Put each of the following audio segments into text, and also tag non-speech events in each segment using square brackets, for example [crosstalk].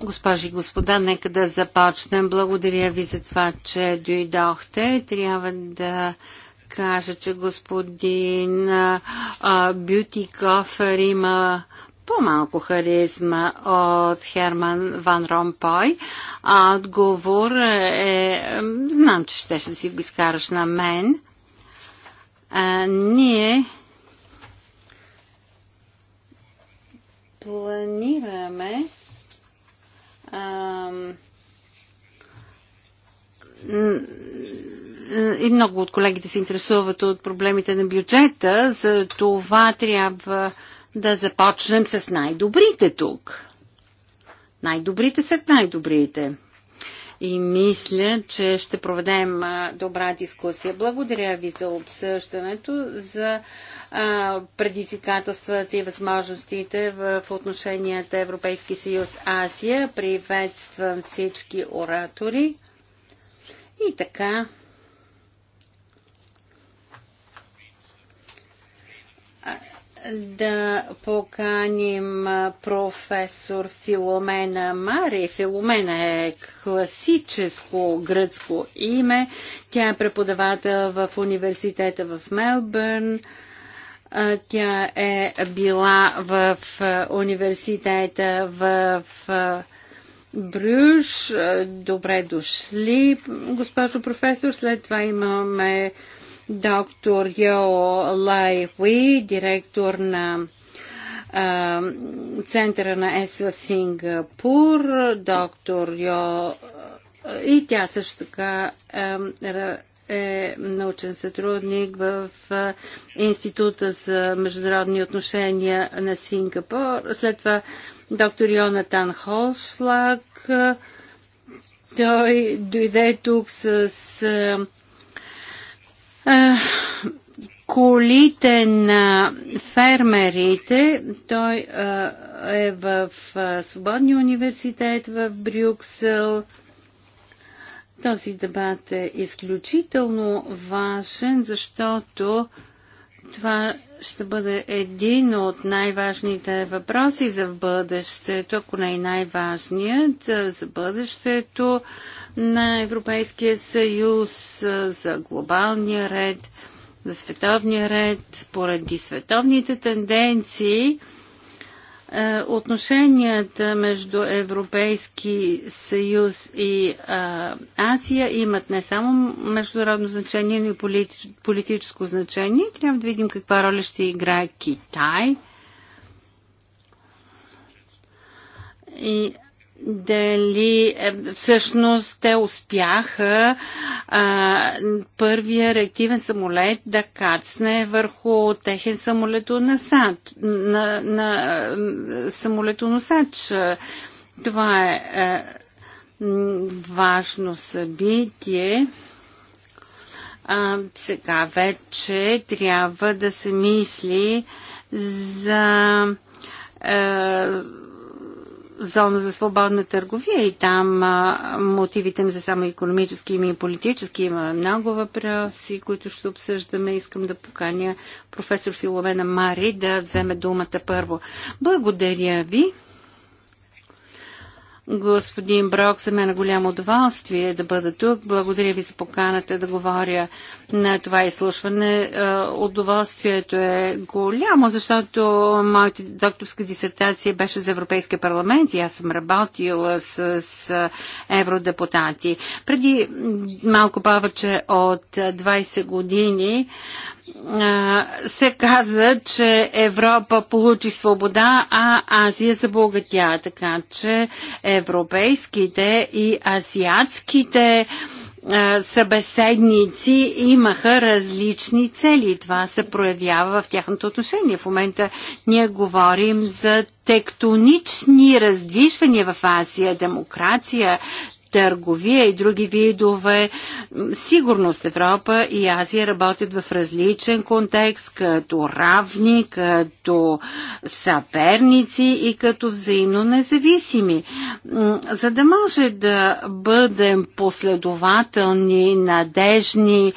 Госпожи и господа, нека да започнем. Благодаря ви за това, че дойдохте. Трябва да кажа, че господин Бютикофер има по-малко харизма от Херман Ван Ромпой. А отговор е... Знам, че ще, ще си го изкараш на мен. А, ние планираме и много от колегите се интересуват от проблемите на бюджета, за това трябва да започнем с най-добрите тук. Най-добрите са най-добрите и мисля, че ще проведем добра дискусия. Благодаря ви за обсъждането, за предизвикателствата и възможностите в отношенията Европейски съюз-Азия. Приветствам всички оратори. И така, да поканим професор Филомена Мари. Филомена е класическо гръцко име. Тя е преподавател в университета в Мелбърн. Тя е била в университета в Брюш. Добре дошли, госпожо професор. След това имаме доктор Йо Лай директор на а, Центъра на ЕС в Сингапур, доктор Йо и тя също така е научен сътрудник в Института за международни отношения на Сингапур. След това доктор Йонатан Холшлаг. Той дойде тук с е, колите на фермерите. Той е, е в е, Свободния университет в Брюксел. Този дебат е изключително важен, защото това ще бъде един от най-важните въпроси за бъдещето, ако не и най-важният за бъдещето на Европейския съюз, за глобалния ред, за световния ред, поради световните тенденции, отношенията между Европейски съюз и Азия имат не само международно значение, но и политическо значение. Трябва да видим каква роля ще играе Китай. И дали е, всъщност те успяха а, първия реактивен самолет да кацне върху техен самолетоносач. На, на самолетоносач. Това е е важно събитие. А, сега вече трябва да се мисли за е, зона за свободна търговия и там а, мотивите ми са само економически и политически. Има много въпроси, които ще обсъждаме. Искам да поканя професор Филомена Мари да вземе думата първо. Благодаря ви. Господин Брок, за мен е голямо удоволствие да бъда тук. Благодаря ви за поканата да говоря на това изслушване. Е, удоволствието е голямо, защото моята докторска дисертация беше за Европейския парламент и аз съм работила с, с евродепутати. Преди малко повече от 20 години се каза, че Европа получи свобода, а Азия забогатя. Така че европейските и азиатските събеседници имаха различни цели. Това се проявява в тяхното отношение. В момента ние говорим за тектонични раздвижвания в Азия, демокрация, търговия и други видове. Сигурност Европа и Азия работят в различен контекст, като равни, като съперници и като взаимно независими. За да може да бъдем последователни, надежни,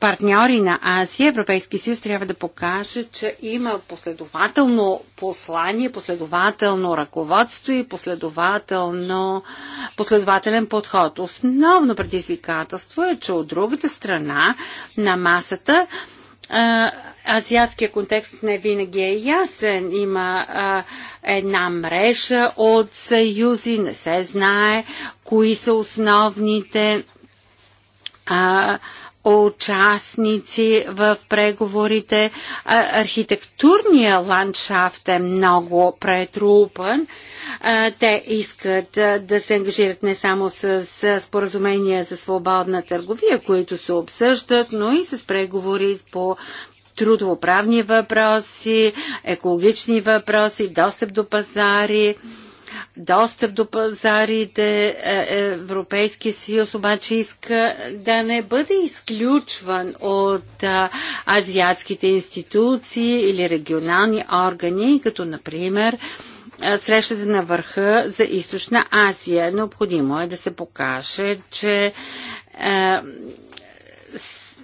партньори на Азия, Европейски съюз трябва да покаже, че има последователно послание, последователно ръководство и последователно, последователен подход. Основно предизвикателство е, че от другата страна на масата азиатския контекст не винаги е ясен. Има а, една мрежа от съюзи, не се знае кои са основните а, участници в преговорите. А, архитектурния ландшафт е много претрупан. А, те искат а, да се ангажират не само с, с споразумения за свободна търговия, които се обсъждат, но и с преговори по трудовоправни въпроси, екологични въпроси, достъп до пазари. А, достъп до пазарите. Е, е, Европейския съюз обаче иска да не бъде изключван от азиатските институции или регионални органи, като например срещата на върха за източна Азия. Необходимо е да се покаже, че е,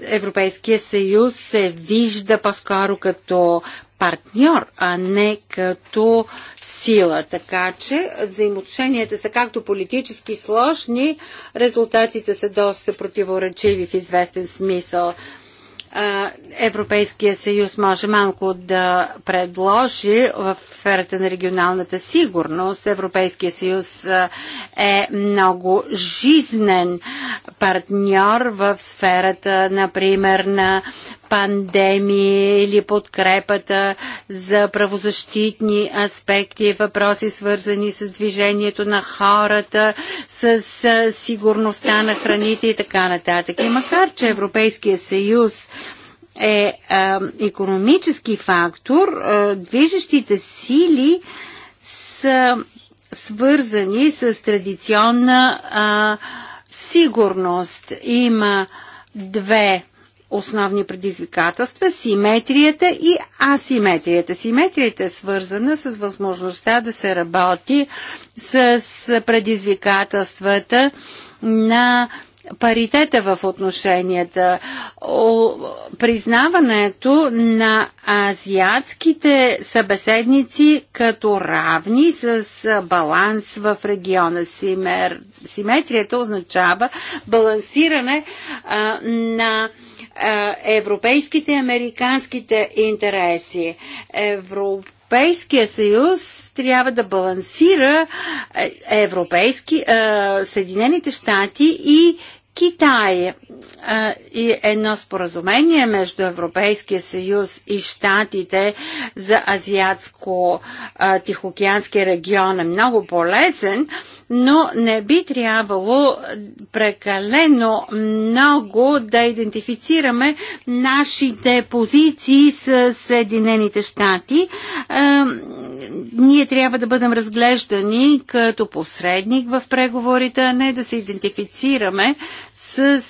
Европейския съюз се вижда по-скоро като партньор, а не като сила. Така че взаимоотношенията са както политически сложни, резултатите са доста противоречиви в известен смисъл. Европейския съюз може малко да предложи в сферата на регионалната сигурност. Европейския съюз е много жизнен партньор в сферата, например, на пандемии или подкрепата за правозащитни аспекти, е въпроси свързани с движението на хората, с сигурността на храните и така нататък. И макар, че Европейския съюз е а, е, економически фактор, а, е, движещите сили са свързани с традиционна а, сигурност. Има две основни предизвикателства симетрията и асиметрията. Симетрията е свързана с възможността да се работи с предизвикателствата на паритета в отношенията, признаването на азиатските събеседници като равни с баланс в региона. Симер... Симетрията означава балансиране а, на е, европейските и американските интереси. Европейския съюз трябва да балансира е, европейски, е, Съединените щати и Китай и едно споразумение между Европейския съюз и Штатите за Азиатско-Тихоокеански регион е много полезен, но не би трябвало прекалено много да идентифицираме нашите позиции с Съединените щати. ние трябва да бъдем разглеждани като посредник в преговорите, а не да се идентифицираме с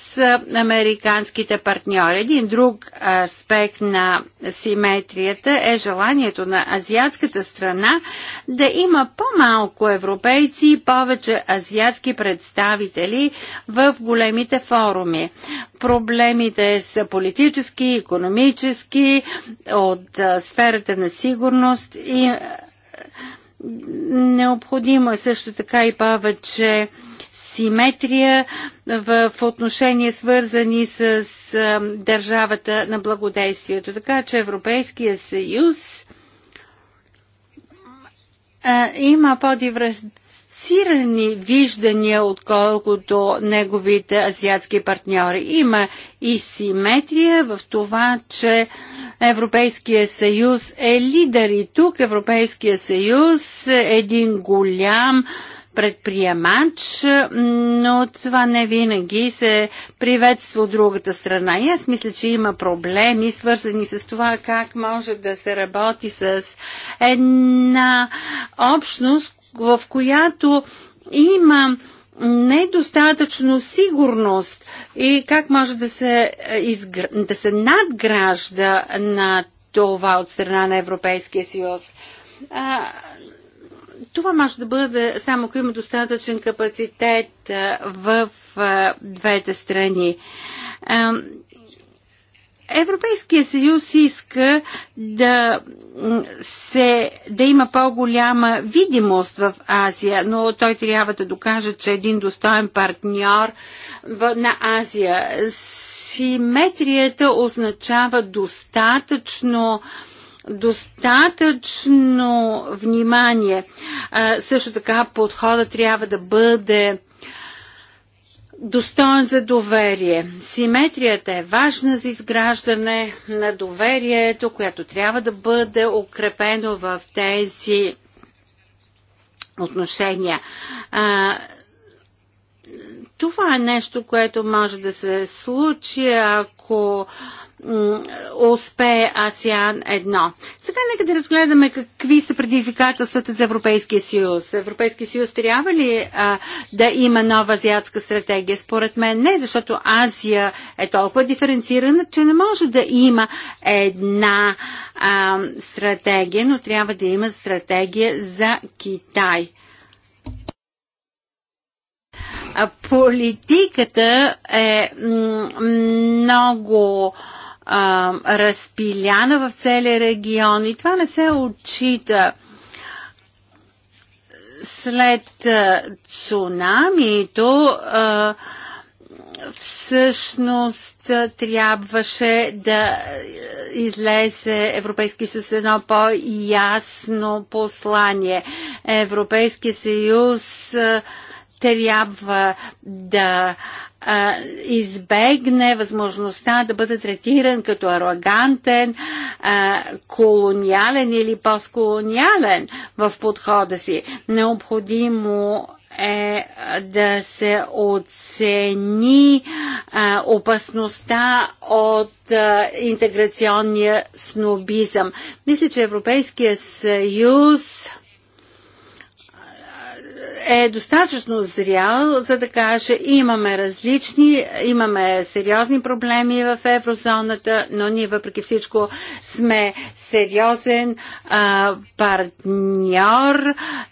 американските партньори. Един друг аспект на симетрията е желанието на азиатската страна да има по-малко европейци и повече азиатски представители в големите форуми. Проблемите са политически, економически, от сферата на сигурност и Необходимо е също така и повече симетрия в отношения свързани с държавата на благодействието. Така че Европейския съюз има по-диверсирани виждания, отколкото неговите азиатски партньори. Има и симетрия в това, че Европейския съюз е лидер и тук Европейския съюз е един голям предприемач, но това не винаги се приветства от другата страна. И аз мисля, че има проблеми, свързани с това как може да се работи с една общност, в която има недостатъчно сигурност и как може да се, изгр... да се надгражда на това от страна на Европейския съюз. Това може да бъде само ако има достатъчен капацитет в двете страни. Европейския съюз иска да, се, да има по-голяма видимост в Азия, но той трябва да докаже, че е един достоен партньор на Азия. Симетрията означава достатъчно м- достатъчно внимание. А, също така подхода трябва да бъде достоен за доверие. Симетрията е важна за изграждане на доверието, което трябва да бъде укрепено в тези отношения. А, това е нещо, което може да се случи, ако успее асиан едно. Сега нека да разгледаме какви са предизвикателствата за Европейския съюз. Европейския съюз трябва ли а, да има нова азиатска стратегия? Според мен не, защото Азия е толкова диференцирана, че не може да има една а, стратегия, но трябва да има стратегия за Китай политиката е много а, разпиляна в целия регион и това не се отчита. След а, цунамито а, всъщност трябваше да излезе Европейски съюз едно по-ясно послание. Европейски съюз трябва да а, избегне възможността да бъде третиран като арогантен, а, колониален или постколониален в подхода си. Необходимо е да се оцени а, опасността от а, интеграционния снобизъм. Мисля, че Европейския съюз е достатъчно зрял, за да каже имаме различни, имаме сериозни проблеми в еврозоната, но ние въпреки всичко сме сериозен а, партньор.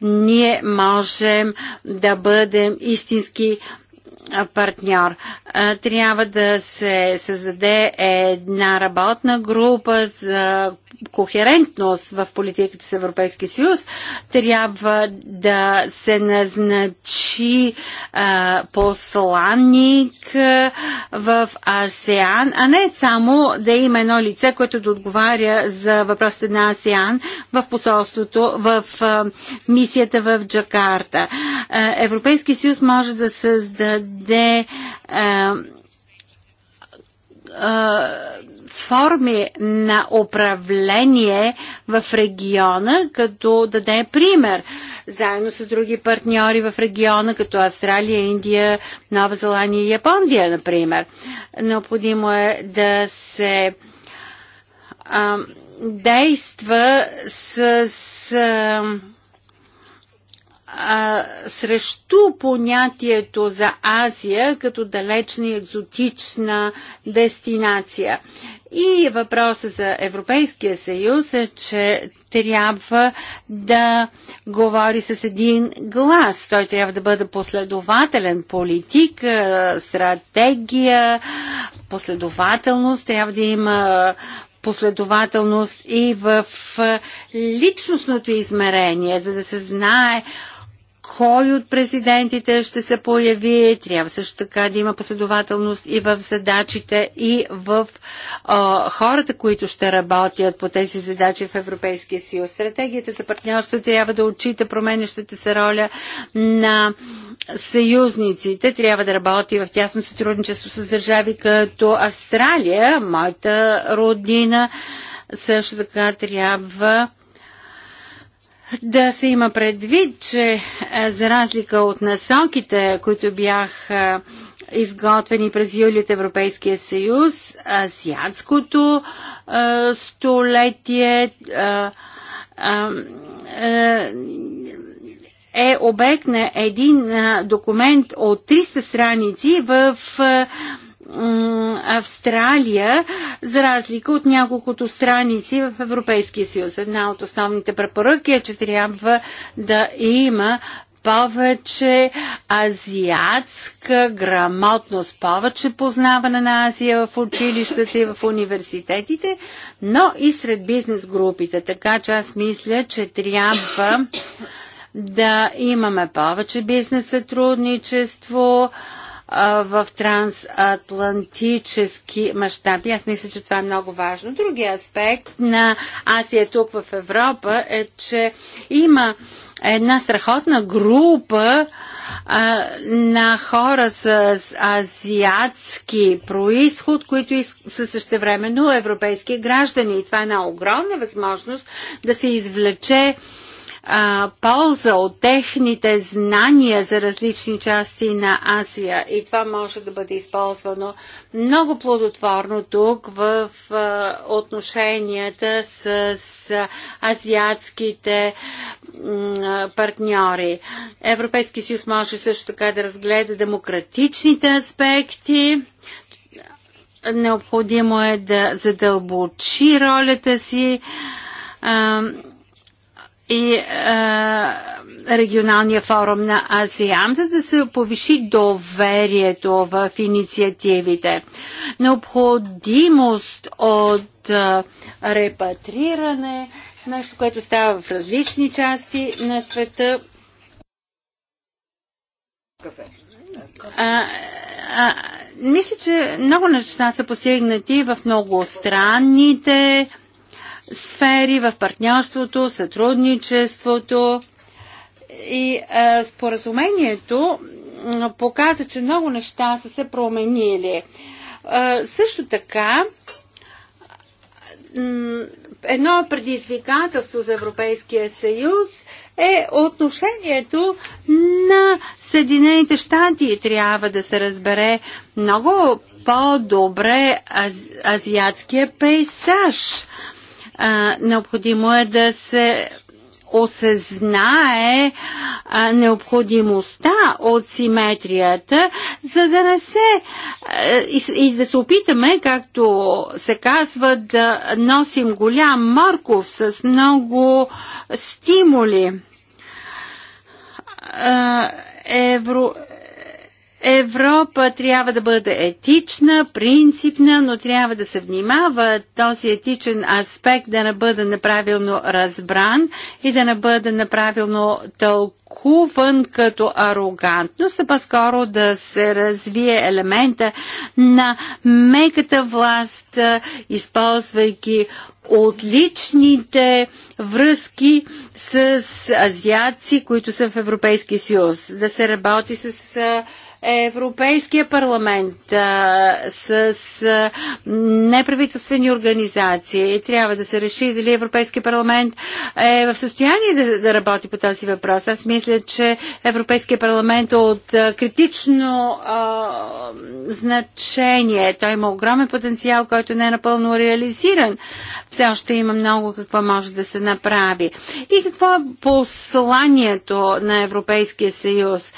Ние можем да бъдем истински партньор. Трябва да се създаде една работна група за кохерентност в политиката с Европейския съюз. Трябва да се назначи посланник в АСЕАН, а не само да има едно лице, което да отговаря за въпросите на АСЕАН в посолството, в мисията в Джакарта. Европейския съюз може да създаде да а, а, форми на управление в региона, като даде пример, заедно с други партньори в региона, като Австралия, Индия, Нова Зеландия и Япония, например. Необходимо е да се а, е, действа с. с а, срещу понятието за Азия като далечна и екзотична дестинация. И въпросът за Европейския съюз е, че трябва да говори с един глас. Той трябва да бъде последователен политик, стратегия, последователност, трябва да има последователност и в личностното измерение, за да се знае кой от президентите ще се появи. Трябва също така да има последователност и в задачите, и в а, хората, които ще работят по тези задачи в Европейския съюз. Стратегията за партньорство трябва да отчита променящата се роля на съюзниците. Трябва да работи в тясно сътрудничество с държави като Австралия, моята родина. Също така трябва да се има предвид, че е, за разлика от насоките, които бяха е, изготвени през юли от Европейския съюз, азиатското е, столетие е обект на един документ от 300 страници в Австралия, за разлика от няколкото страници в Европейския съюз. Една от основните препоръки е, че трябва да има повече азиатска грамотност, повече познаване на Азия в училищата и в университетите, но и сред бизнес групите. Така че аз мисля, че трябва да имаме повече бизнес сътрудничество, в трансатлантически мащаби. Аз мисля, че това е много важно. Другия аспект на Азия тук в Европа е, че има една страхотна група а, на хора с, азиатски происход, които са същевременно европейски граждани. И това е една огромна възможност да се извлече а, полза от техните знания за различни части на Азия. И това може да бъде използвано много плодотворно тук в а, отношенията с, с азиатските а, партньори. Европейски съюз може също така да разгледа демократичните аспекти необходимо е да задълбочи ролята си а, и е, регионалния форум на АСИАМ, за да се повиши доверието в инициативите. Необходимост от е, репатриране, нещо, което става в различни части на света. А, а, мисля, че много неща са постигнати в много странните сфери в партньорството, сътрудничеството. И а, споразумението а, показа, че много неща са се променили. А, също така, едно предизвикателство за Европейския съюз е отношението на Съединените щати. Трябва да се разбере много по-добре аз, азиатския пейсаж. А, необходимо е да се осъзнае а, необходимостта от симетрията, за да не се а, и, и да се опитаме, както се казва, да носим голям морков с много стимули. А, евро, Европа трябва да бъде етична, принципна, но трябва да се внимава този етичен аспект да не бъде направилно разбран и да не бъде направилно тълкуван като арогантност, а по-скоро да се развие елемента на меката власт, използвайки отличните връзки с азиаци, които са в Европейския съюз. Да се работи с Европейския парламент, а, с а, неправителствени организации. Трябва да се реши дали Европейския парламент е в състояние да, да работи по този въпрос. Аз мисля, че Европейския парламент е от а, критично а, значение. Той има огромен потенциал, който не е напълно реализиран. Все още има много какво може да се направи. И какво е посланието на Европейския съюз?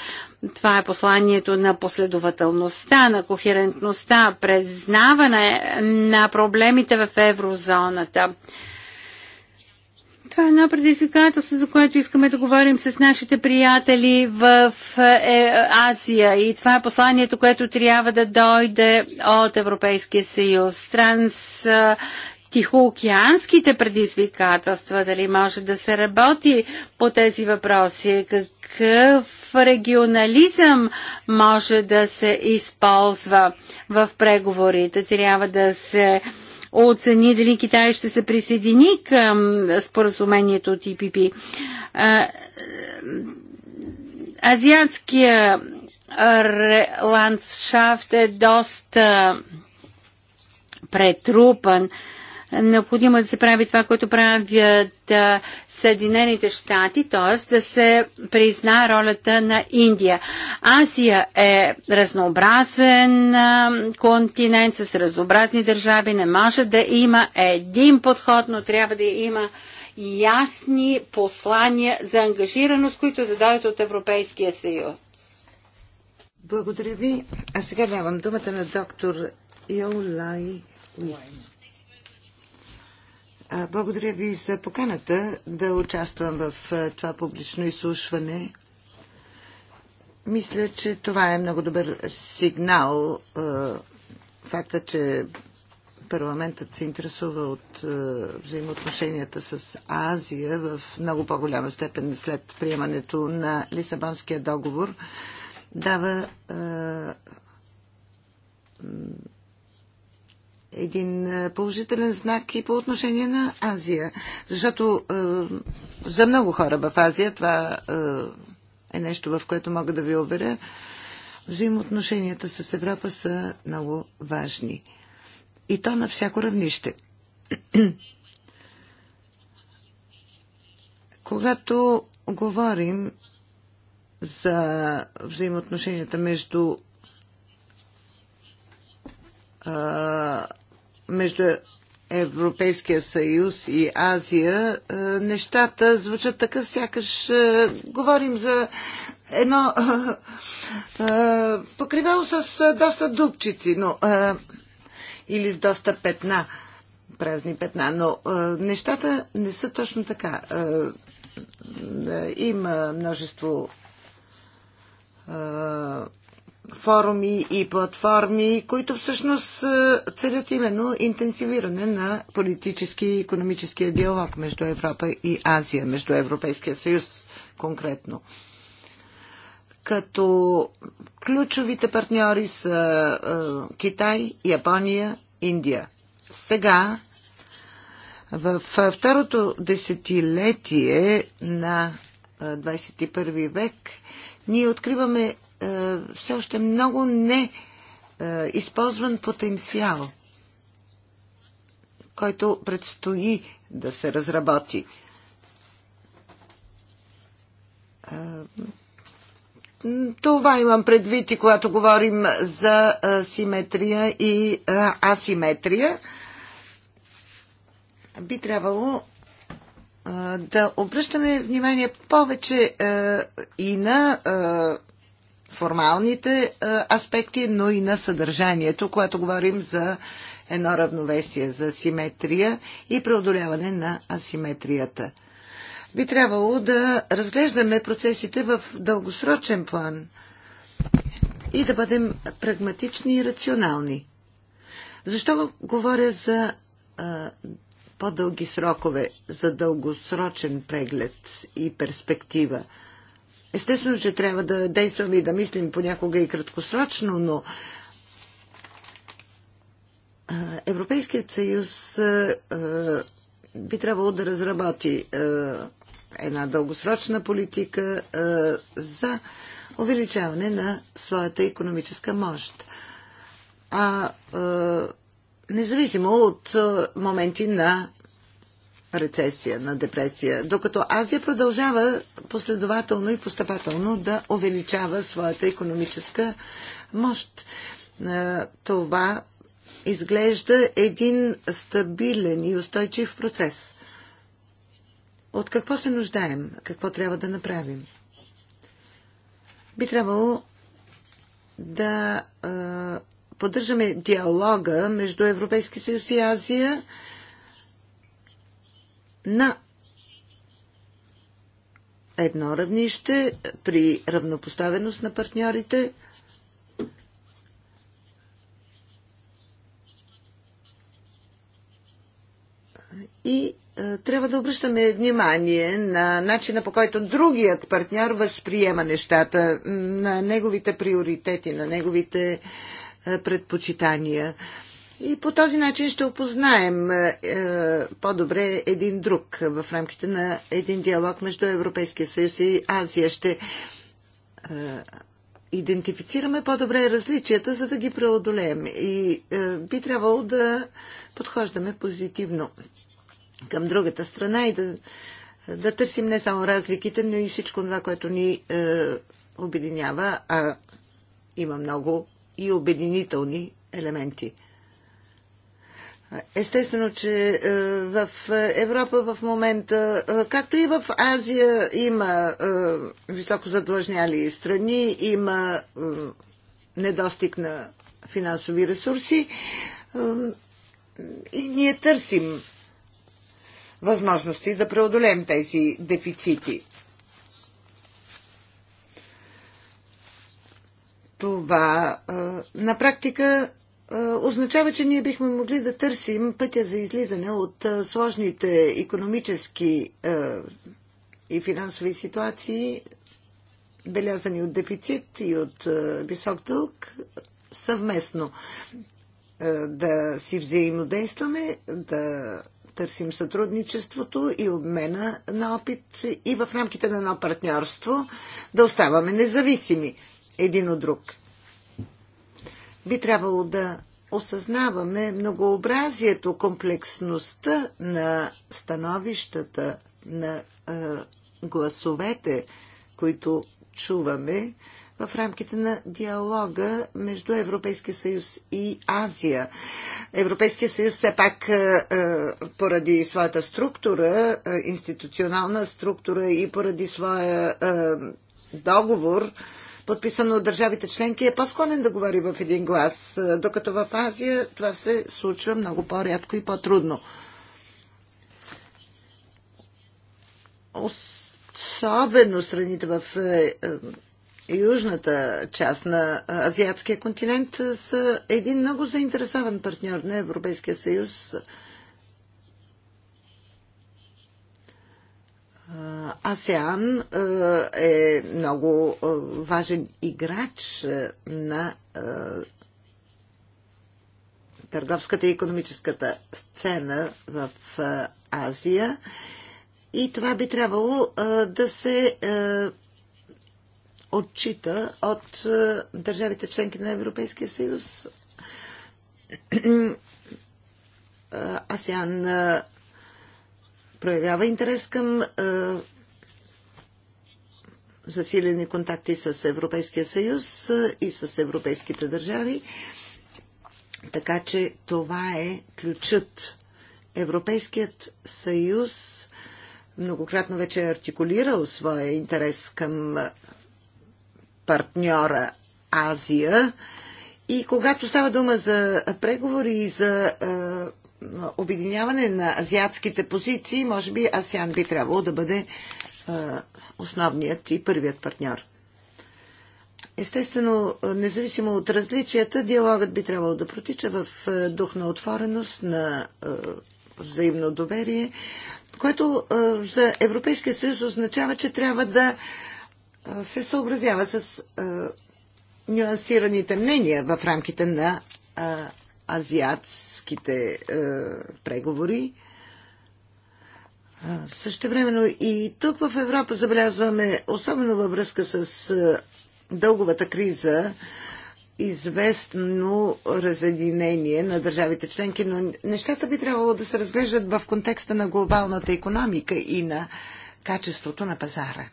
Това е посланието на последователността, на кохерентността, признаване на проблемите в еврозоната. Това е едно предизвикателство, за което искаме да говорим с нашите приятели в е, Азия. И това е посланието, което трябва да дойде от Европейския съюз. Транс тихоокеанските предизвикателства, дали може да се работи по тези въпроси, какъв регионализъм може да се използва в преговорите. Трябва да се оцени дали Китай ще се присъедини към споразумението от ИПП. Азиатския ландшафт е доста претрупан необходимо е да се прави това, което правят Съединените щати, т.е. да се призна ролята на Индия. Азия е разнообразен континент с разнообразни държави. Не може да има един подход, но трябва да има ясни послания за ангажираност, които да дойдат от Европейския съюз. Благодаря ви. А сега давам думата на доктор Йолай Уайн. Благодаря ви за поканата да участвам в това публично изслушване. Мисля, че това е много добър сигнал. Факта, че парламентът се интересува от взаимоотношенията с Азия в много по-голяма степен след приемането на Лисабонския договор, дава един е, положителен знак и по отношение на Азия. Защото е, за много хора в Азия това е, е нещо, в което мога да ви уверя. Взаимоотношенията с Европа са много важни. И то на всяко равнище. [clears throat] Когато говорим за взаимоотношенията между между Европейския съюз и Азия, е, нещата звучат така, сякаш е, говорим за едно е, покривало с доста дубчици, но или с доста петна, празни петна, но нещата не са точно така. Има множество форуми и платформи, които всъщност е, целят именно интенсивиране на политически и економическия диалог между Европа и Азия, между Европейския съюз конкретно. Като ключовите партньори са е, Китай, Япония, Индия. Сега в е, второто десетилетие на 21 век ние откриваме е, все още много не е, използван потенциал, който предстои да се разработи. Е, това имам предвид и когато говорим за симетрия и асиметрия. Би трябвало да обръщаме внимание повече и на формалните е, аспекти, но и на съдържанието, когато говорим за едно равновесие, за симетрия и преодоляване на асиметрията. Би трябвало да разглеждаме процесите в дългосрочен план и да бъдем прагматични и рационални. Защо говоря за е, по-дълги срокове, за дългосрочен преглед и перспектива? Естествено, че трябва да действаме и да мислим понякога и краткосрочно, но Европейският съюз би трябвало да разработи една дългосрочна политика за увеличаване на своята економическа мощ. А независимо от моменти на рецесия, на депресия, докато Азия продължава последователно и постъпателно да увеличава своята економическа мощ. Е, това изглежда един стабилен и устойчив процес. От какво се нуждаем? Какво трябва да направим? Би трябвало да е, поддържаме диалога между Европейски съюз и Азия – на едно равнище при равнопоставеност на партньорите. И а, е, трябва да обръщаме внимание на начина по който другият партньор възприема нещата, на неговите приоритети, на неговите а, е, предпочитания. И по този начин ще опознаем е, е, по-добре един друг в рамките на един диалог между Европейския съюз и Азия. Ще е, идентифицираме по-добре различията, за да ги преодолеем. И би трябвало да подхождаме позитивно към другата страна и да, да търсим не само разликите, но и всичко това, което ни е, обединява, а има много и обединителни елементи. Естествено, че е, в Европа в момента, е, както и в Азия, има е, високо задлъжняли страни, има недостиг на финансови ресурси и ние търсим възможности да преодолеем тези дефицити. Това на практика означава, че ние бихме могли да търсим пътя за излизане от сложните економически и финансови ситуации, белязани от дефицит и от висок дълг, съвместно да си взаимодействаме, да търсим сътрудничеството и обмена на опит и в рамките на едно партньорство да оставаме независими един от друг. Би трябвало да осъзнаваме многообразието, комплексността на становищата, на е, гласовете, които чуваме в рамките на диалога между Европейския съюз и Азия. Европейския съюз все пак поради своята структура, институционална структура и поради своя договор подписано от държавите членки, е по-склонен да говори в един глас, докато в Азия това се случва много по-рядко и по-трудно. Особено страните в е, е, южната част на азиатския континент са един много заинтересован партньор на Европейския съюз АСЕАН е много важен играч на търговската и економическата сцена в Азия и това би трябвало да се отчита от държавите членки на Европейския съюз. [clears throat] АСЕАН проявява интерес към е, засилени контакти с Европейския съюз е, и с европейските държави. Така че това е ключът. Европейският съюз многократно вече е артикулирал своя интерес към е, партньора Азия. И когато става дума за преговори и за обединяване на азиатските позиции, може би АСИАН би трябвало да бъде основният и първият партньор. Естествено, независимо от различията, диалогът би трябвало да протича в дух на отвореност, на взаимно доверие, което за Европейския съюз означава, че трябва да се съобразява с нюансираните мнения в рамките на азиатските е, преговори. Е, Също времено и тук в Европа забелязваме, особено във връзка с е, дълговата криза, известно разединение на държавите членки, но нещата би трябвало да се разглеждат в контекста на глобалната економика и на качеството на пазара.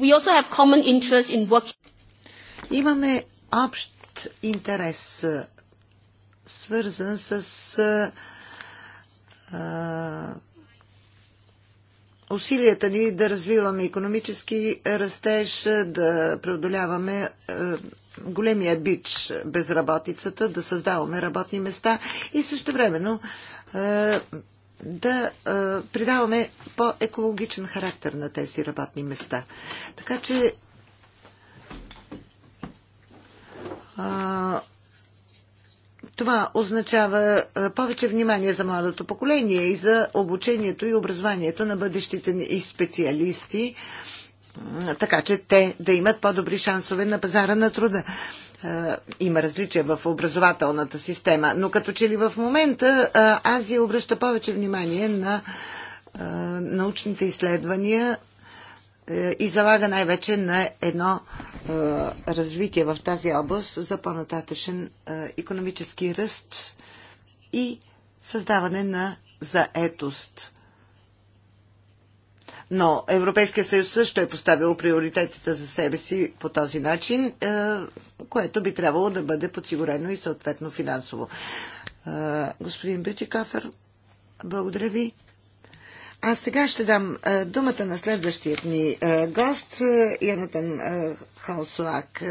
We also have common interest in working. Имаме общ интерес, свързан с а, усилията ни да развиваме економически растеж, да преодоляваме големия бич безработицата, да създаваме работни места и също времено да придаваме по-екологичен характер на тези работни места. Така че това означава повече внимание за младото поколение и за обучението и образованието на бъдещите ни специалисти, така че те да имат по-добри шансове на пазара на труда. Има различия в образователната система, но като че ли в момента Азия обръща повече внимание на научните изследвания е, и залага най-вече на едно е, развитие в тази област за по-нататъчен економически ръст и създаване на заетост. Но Европейския съюз също е поставил приоритетите за себе си по този начин, е, което би трябвало да бъде подсигурено и съответно финансово. Господин Бютикафер, благодаря ви. А сега ще дам думата на следващият ни гост, Янатан Халсуак.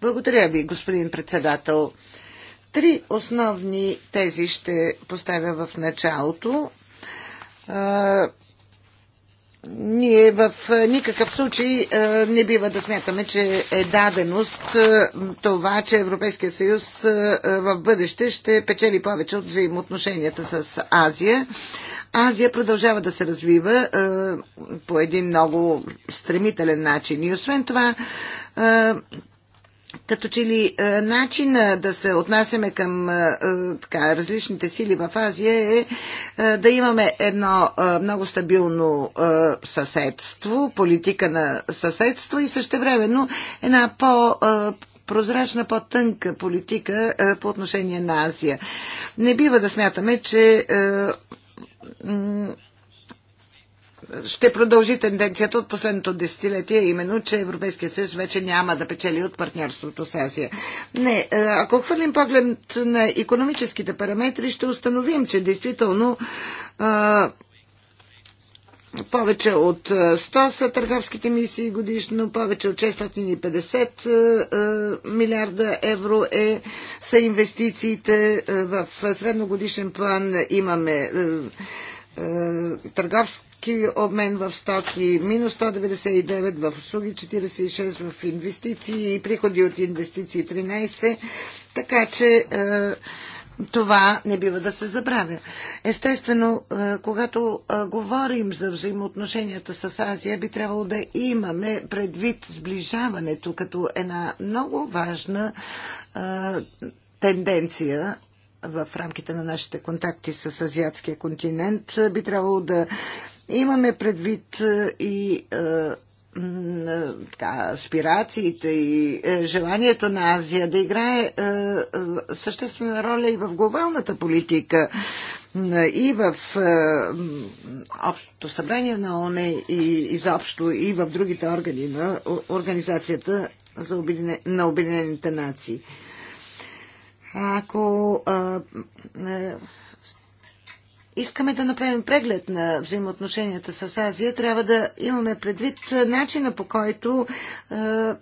Благодаря ви, господин председател. Три основни тези ще поставя в началото ние в никакъв случай не бива да смятаме, че е даденост това, че Европейския съюз в бъдеще ще печели повече от взаимоотношенията с Азия. Азия продължава да се развива по един много стремителен начин. И освен това, като че ли е, начина да се отнасяме към е, е, така, различните сили в Азия е да имаме едно много стабилно съседство, политика на съседство и същевременно една по прозрачна, по-тънка политика по отношение на Азия. Не бива да смятаме, че ще продължи тенденцията от последното десетилетие, именно, че Европейския съюз вече няма да печели от партньорството с Азия. Не, е, ако хвърлим поглед на економическите параметри, ще установим, че действително е, повече от 100 е, са търговските мисии годишно, повече от 650 милиарда евро е, са инвестициите. В средногодишен план имаме е, търговски обмен в стоки, минус 199 в услуги, 46 в инвестиции и приходи от инвестиции 13. Така че е, това не бива да се забравя. Естествено, е, когато говорим за взаимоотношенията с Азия, би трябвало да имаме предвид сближаването като една много важна тенденция в рамките на нашите контакти с азиатския континент, би трябвало да имаме предвид е, и е, е, така, аспирациите и желанието на Азия да играе съществена роля и в глобалната политика и в Общото събрание на ОНЕ и изобщо и в другите органи на Организацията на Обединените нации. Ако а, а, е, искаме да направим преглед на взаимоотношенията с Азия, трябва да имаме предвид начина по който а,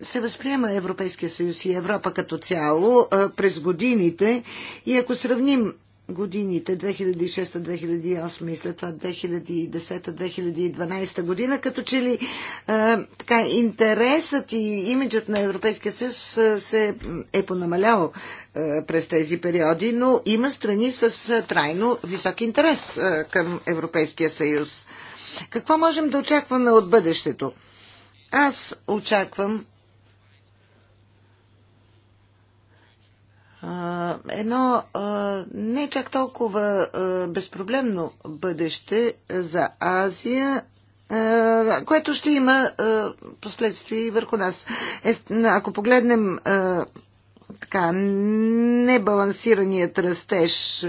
се възприема Европейския съюз и Европа като цяло през годините. И ако сравним годините 2006-2008 и след това 2010-2012 година, като че ли е, така, интересът и имиджът на Европейския съюз се е понамалял е, през тези периоди, но има страни с трайно висок интерес е, към Европейския съюз. Какво можем да очакваме от бъдещето? Аз очаквам едно не чак толкова безпроблемно бъдеще за Азия, което ще има последствия и върху нас. Ако погледнем така небалансираният растеж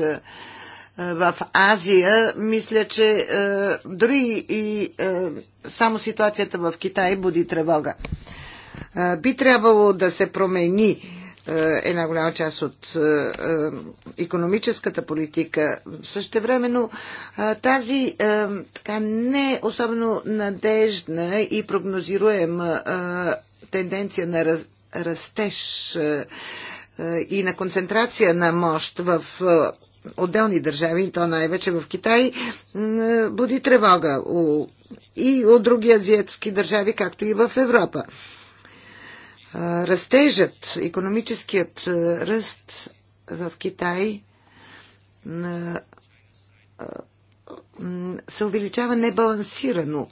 в Азия, мисля, че дори и само ситуацията в Китай буди тревога. Би трябвало да се промени е, една голяма част от економическата е, политика. времено е, тази така не особено надежна и прогнозируема тенденция на растеж и на концентрация на мощ в отделни държави, то най-вече в Китай, буди тревога и от други азиатски държави, както и в Европа растежът, економическият ръст в Китай се увеличава небалансирано.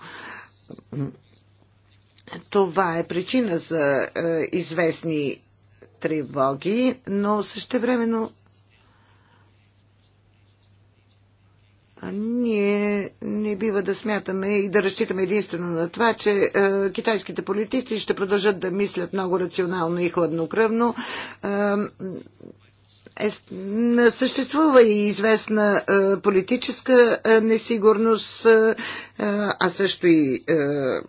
Това е причина за известни тревоги, но същевременно Ние не бива да смятаме и да разчитаме единствено на това, че е, китайските политици ще продължат да мислят много рационално и хладнокръвно. Е, е, съществува и известна е, политическа е, несигурност, е, е, а също и е,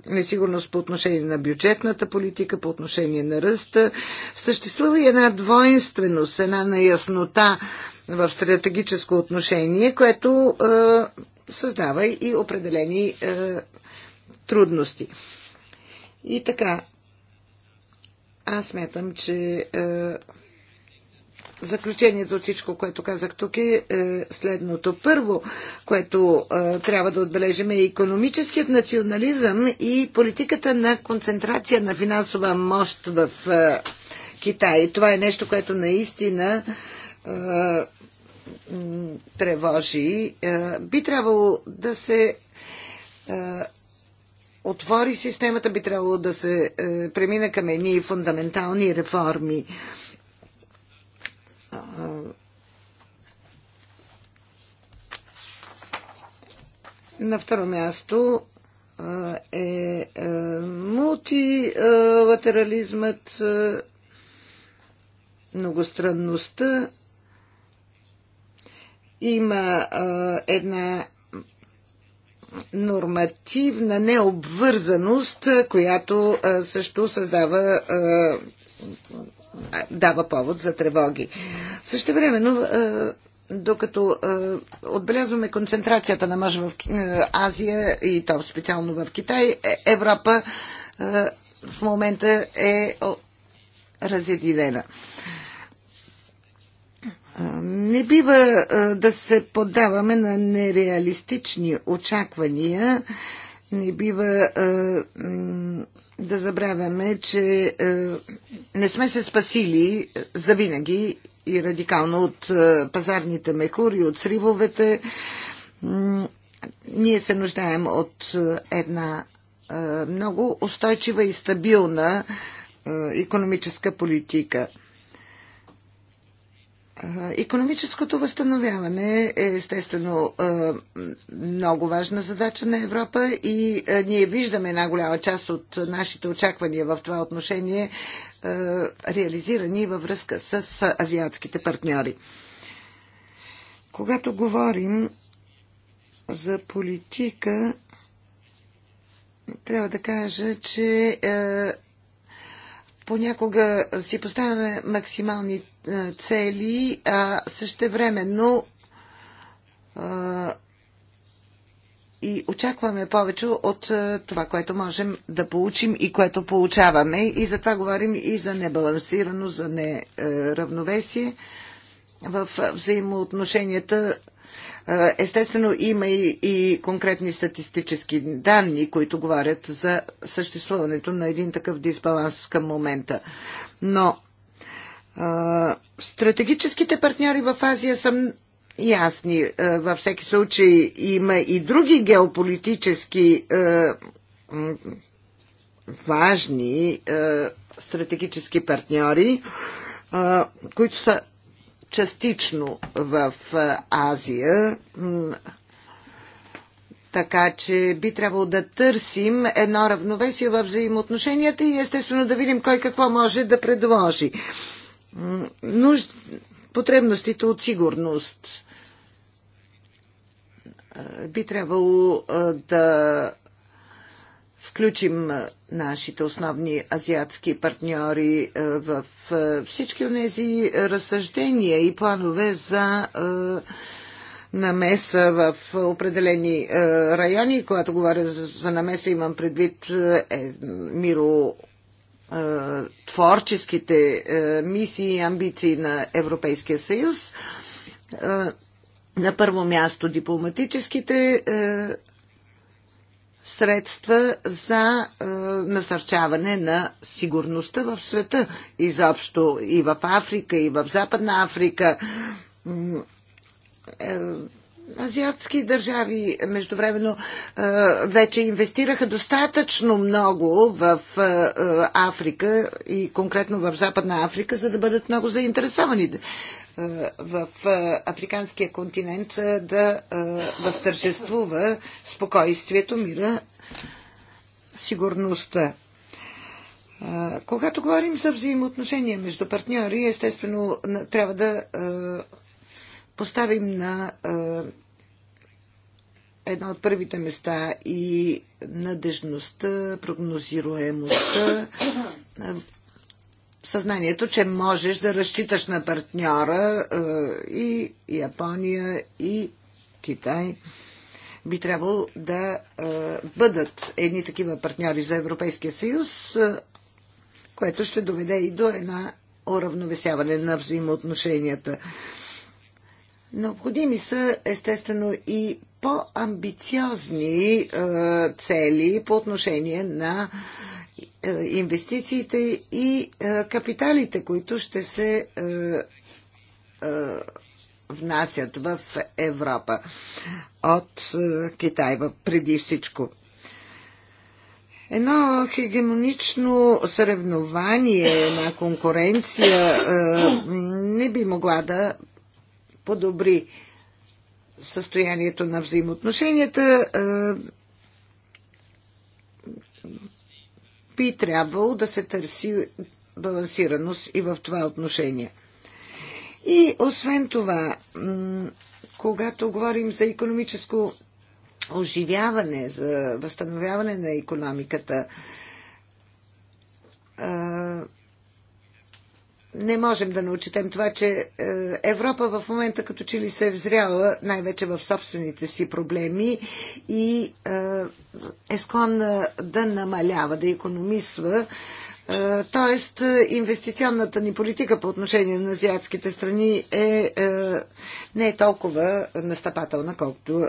несигурност по отношение на бюджетната политика, по отношение на ръста. Съществува и една двойнственост, една наяснота в стратегическо отношение, което е, създава и определени е, трудности. И така, аз смятам, че. Е, заключението от всичко, което казах тук е, е следното. Първо, което е, трябва да отбележим е економическият национализъм и политиката на концентрация на финансова мощ в е, Китай. Това е нещо, което наистина е, тревожи. Е, би трябвало да се е, отвори системата, би трябвало да се е, премина към едни фундаментални реформи. Е, на второ място е, е мултилатерализмът, многостранността. Има една нормативна необвързаност, която също създава дава повод за тревоги. Също времено, е, докато е, отбелязваме концентрацията на мъж в е, Азия и то специално в Китай, Европа в момента е разединена. Не бива да се поддаваме на нереалистични очаквания, не бива да забравяме, че е, не сме се спасили е, завинаги и радикално от е, пазарните мекури, от сривовете. Ние се нуждаем от една много устойчива и стабилна економическа политика – е, економическото възстановяване е естествено е, много важна задача на Европа и е, ние виждаме една голяма част от нашите очаквания в това отношение реализирани във връзка с азиатските партньори. Когато говорим за политика, трябва да кажа, че понякога си поставяме максимални е, цели, а време, но е, и очакваме повече от е, това, което можем да получим и което получаваме. И затова говорим и за небалансирано, за неравновесие в взаимоотношенията е, естествено, има и, и конкретни статистически данни, които говорят за съществуването на един такъв дисбаланс към момента. Но а, е, стратегическите партньори в Азия са ясни. Е, във всеки случай има и други геополитически а, важни а, стратегически партньори, а, които са частично в Азия. Така че би трябвало да търсим едно равновесие в взаимоотношенията и естествено да видим кой какво може да предложи. Нуж... Потребностите от сигурност би трябвало да включим нашите основни азиатски партньори в всички от тези разсъждения и планове за намеса в определени райони. Когато говоря за намеса, имам предвид е, миро творческите мисии и амбиции на Европейския съюз. На първо място дипломатическите средства за е, насърчаване на сигурността в света, изобщо и в Африка, и в Западна Африка. Е, азиатски държави междувременно вече инвестираха достатъчно много в Африка и конкретно в Западна Африка, за да бъдат много заинтересовани в африканския континент да възтържествува спокойствието, мира, сигурността. Когато говорим за взаимоотношения между партньори, естествено трябва да поставим на едно от първите места и надежността, прогнозируемостта, съзнанието, че можеш да разчиташ на партньора и Япония, и Китай би трябвало да бъдат едни такива партньори за Европейския съюз, което ще доведе и до една уравновесяване на взаимоотношенията. Необходими са естествено и по-амбициозни е, цели по отношение на е, инвестициите и е, капиталите, които ще се внасят в Европа от Китай преди всичко. Едно хегемонично съревнование на конкуренция не би могла да подобри състоянието на взаимоотношенията, е, би трябвало да се търси балансираност и в това отношение. И освен това, когато говорим за економическо оживяване, за възстановяване на економиката, е, не можем да научетем това, че е, Европа в момента като че ли се е взряла най-вече в собствените си проблеми и е, е склонна да намалява, да економисва. Е, тоест, инвестиционната ни политика по отношение на азиатските страни е, не е толкова настъпателна, колкото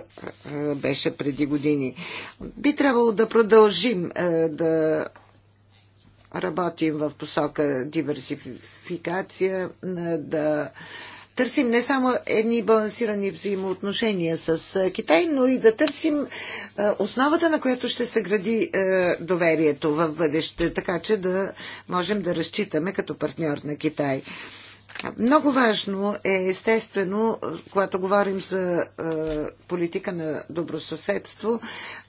беше преди години. Би трябвало да продължим да работим в посока диверсификация, да търсим не само едни балансирани взаимоотношения с Китай, но и да търсим основата, на която ще се гради доверието в бъдеще, така че да можем да разчитаме като партньор на Китай. Много важно е, естествено, когато говорим за е, политика на добросъседство,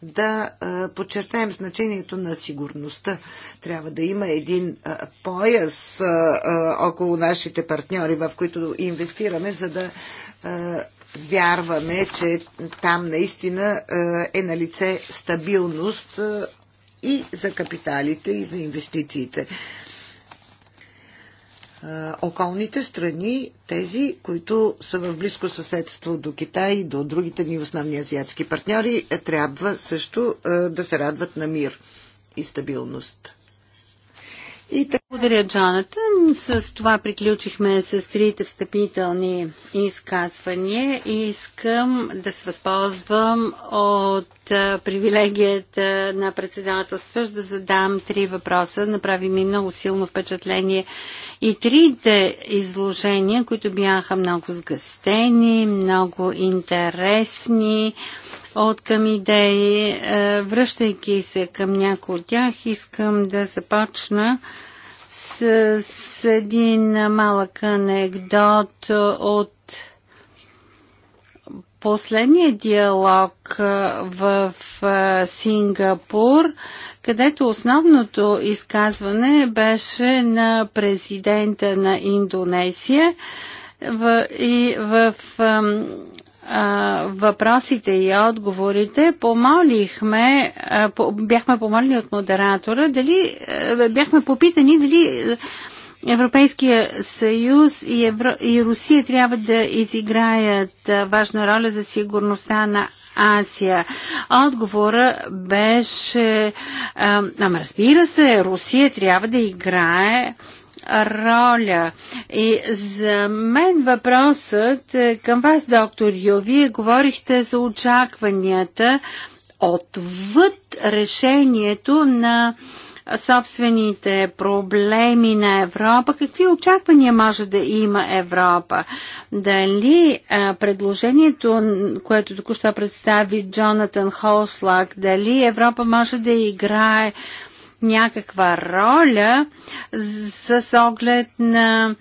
да е, подчертаем значението на сигурността. Трябва да има един е, пояс е, е около нашите партньори, в които инвестираме, за да е, вярваме, че там наистина е, е на лице стабилност е, и за капиталите, и за инвестициите. Е, околните страни, тези, които са в близко съседство до Китай и до другите ни основни азиатски партньори, е, трябва също е, да се радват на мир и стабилност. И така... Благодаря, Джонатан. С това приключихме с трите встъпителни изказвания и искам да се възползвам от привилегията на председателство, да задам три въпроса. Направи ми много силно впечатление и трите изложения, които бяха много сгъстени, много интересни от към идеи. Е, връщайки се към някои от тях, искам да започна с, с един малък анекдот от последния диалог е, в е, Сингапур, където основното изказване беше на президента на Индонезия. В, и в въпросите и отговорите, помолихме, бяхме помолени от модератора, дали бяхме попитани дали Европейския съюз и, Евро... и Русия трябва да изиграят важна роля за сигурността на Азия. Отговора беше, ам, разбира се, Русия трябва да играе роля. И за мен въпросът е, към вас, доктор Ю, вие говорихте за очакванията отвъд решението на собствените проблеми на Европа, какви очаквания може да има Европа? Дали а, е, предложението, което току-що представи Джонатан Холслак, дали Европа може да играе някаква роля с оглед на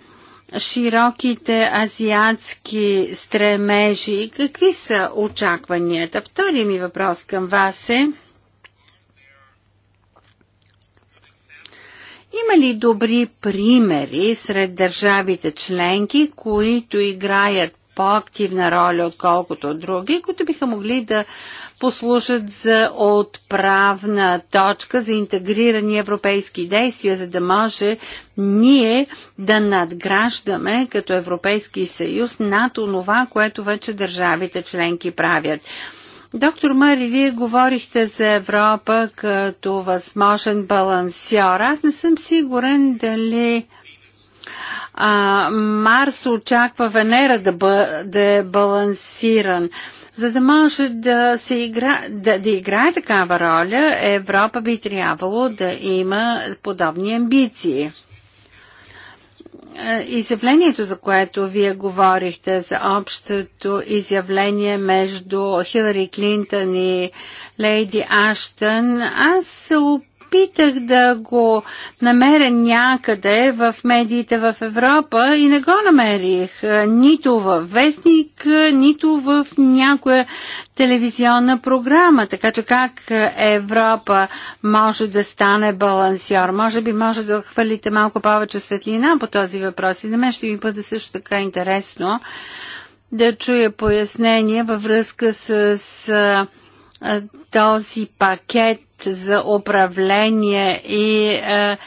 широките азиатски стремежи. Какви са очакванията? Втори ми въпрос към вас е. Има ли добри примери сред държавите членки, които играят по-активна роля, отколкото други, които биха могли да послужат за отправна точка за интегрирани европейски действия, за да може ние да надграждаме като Европейски съюз над онова, което вече държавите членки правят. Доктор Мари, вие говорихте за Европа като възможен балансьор. Аз не съм сигурен дали а, Марс очаква Венера да бъде балансиран. За да може да, се игра, да, да играе такава роля, Европа би трябвало да има подобни амбиции. Изявлението, за което вие говорихте, за общото изявление между Хилари Клинтън и Лейди Аштън, аз се опитам опитах да го намеря някъде в медиите в Европа и не го намерих нито в вестник, нито в някоя телевизионна програма. Така че как Европа може да стане балансьор? Може би може да хвърлите малко повече светлина по този въпрос и на мен ще ми бъде също така интересно да чуя пояснение във връзка с, с този пакет за управление и е,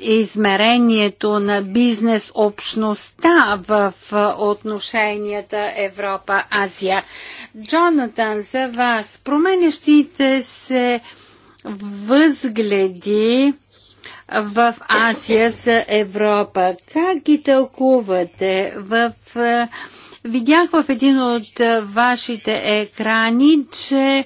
измерението на бизнес общността в отношенията Европа-Азия. Джонатан, за вас променящите се възгледи в Азия за Европа. Как ги тълкувате? В, е, видях в един от е, вашите екрани, че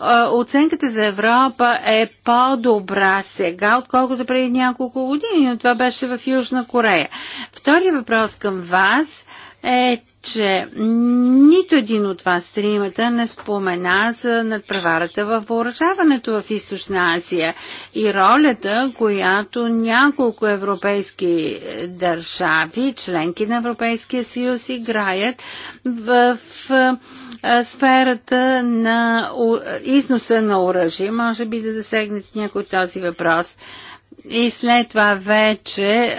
е, оценката за Европа е по-добра сега, отколкото преди няколко години, но това беше в Южна Корея. Втория въпрос към вас е, че нито един от вас тримата не спомена за надпреварата в въоръжаването в Източна Азия и ролята, която няколко европейски държави, членки на Европейския съюз, играят в, в сферата на износа на оръжие. Може би да засегнете някой този въпрос. И след това вече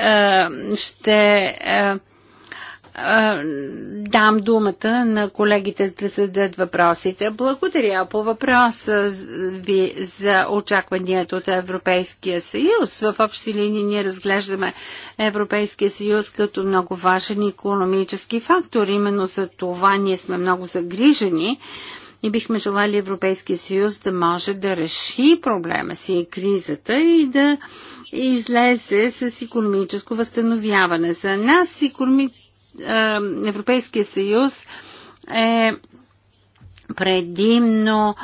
ще дам думата на колегите да зададат въпросите. Благодаря по въпроса ви за очакванията от Европейския съюз. В общи линии ние разглеждаме Европейския съюз като много важен економически фактор. Именно за това ние сме много загрижени и бихме желали Европейския съюз да може да реши проблема си и кризата и да излезе с економическо възстановяване. За нас економи... Европейския съюз е предимно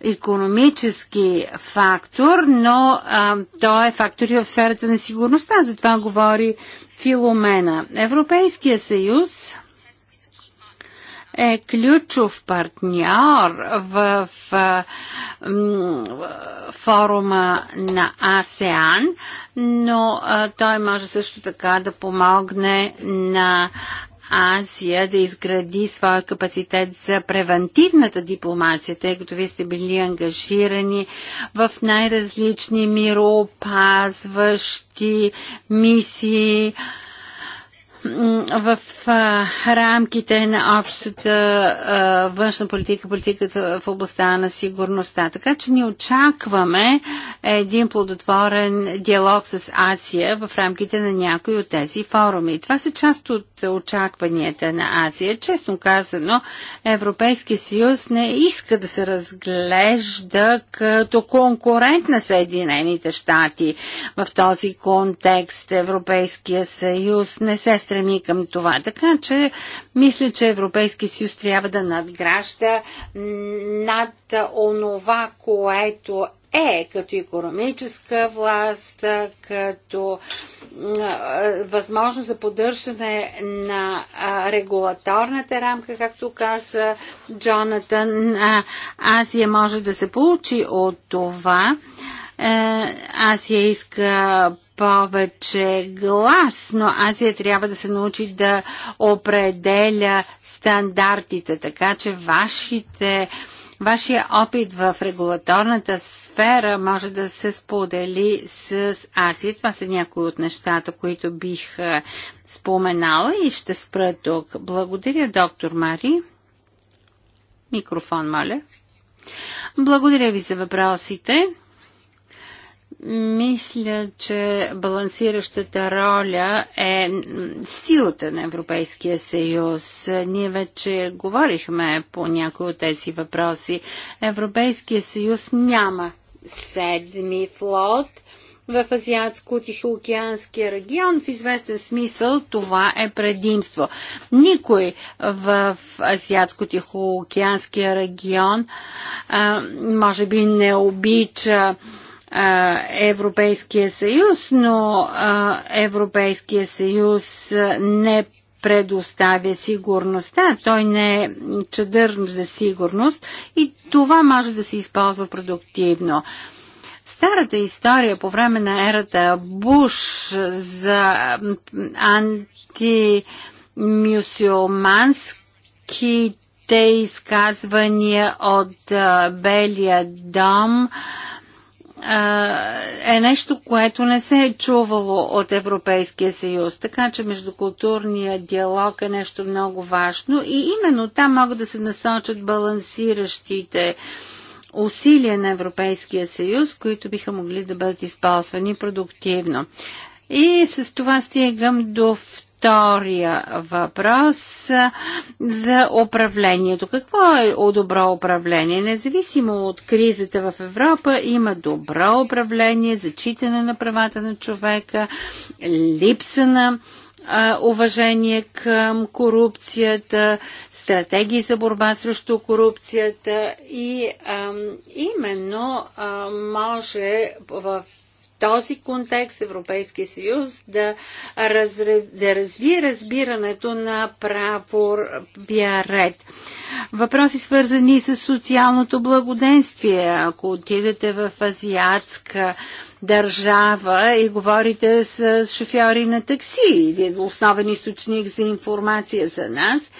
економически фактор, но а, той е фактор и в сферата на сигурността. Затова говори Филомена. Европейския съюз е ключов партньор в, в, в форума на АСЕАН, но а, той може също така да помогне на Азия да изгради своя капацитет за превентивната дипломация, тъй като вие сте били ангажирани в най-различни мироопазващи мисии, в рамките на общата външна политика, политиката в областта на сигурността. Така че ни очакваме един плодотворен диалог с Азия в рамките на някои от тези форуми. Това са част от очакванията на Азия. Честно казано, Европейския съюз не иска да се разглежда като конкурент на Съединените щати. В този контекст Европейския съюз не се стремя стреми към това. Така че мисля, че Европейски съюз трябва да надгражда над онова, което е като економическа власт, като възможност за поддържане на регулаторната рамка, както каза Джонатан. Азия може да се получи от това. Е, Азия иска повече глас, но Азия трябва да се научи да определя стандартите, така че вашите Вашия опит в регулаторната сфера може да се сподели с Азия. Това са някои от нещата, които бих споменала и ще спра тук. Благодаря, доктор Мари. Микрофон, моля. Благодаря ви за въпросите. Мисля, че балансиращата роля е силата на Европейския съюз. Ние вече говорихме по някои от тези въпроси. Европейския съюз няма седми флот в Азиатско-Тихоокеанския регион. В известен смисъл това е предимство. Никой в Азиатско-Тихоокеанския регион а, може би не обича Европейския съюз, но Европейския съюз не предоставя сигурността. Той не е чадър за сигурност и това може да се използва продуктивно. Старата история по време на ерата Буш за антимюсюлманските изказвания от Белия дом – е нещо, което не се е чувало от Европейския съюз. Така че междукултурният диалог е нещо много важно и именно там могат да се насочат балансиращите усилия на Европейския съюз, които биха могли да бъдат използвани продуктивно. И с това стигам до втория въпрос за управлението. Какво е добро управление? Независимо от кризата в Европа, има добро управление, зачитане на правата на човека, липса на уважение към корупцията, стратегии за борба срещу корупцията и а, именно а, може в този контекст Европейския съюз да, разре, да развие разбирането на право ред. Въпроси свързани с социалното благоденствие. Ако отидете в азиатска държава и говорите с шофьори на такси, основен източник за информация за нас –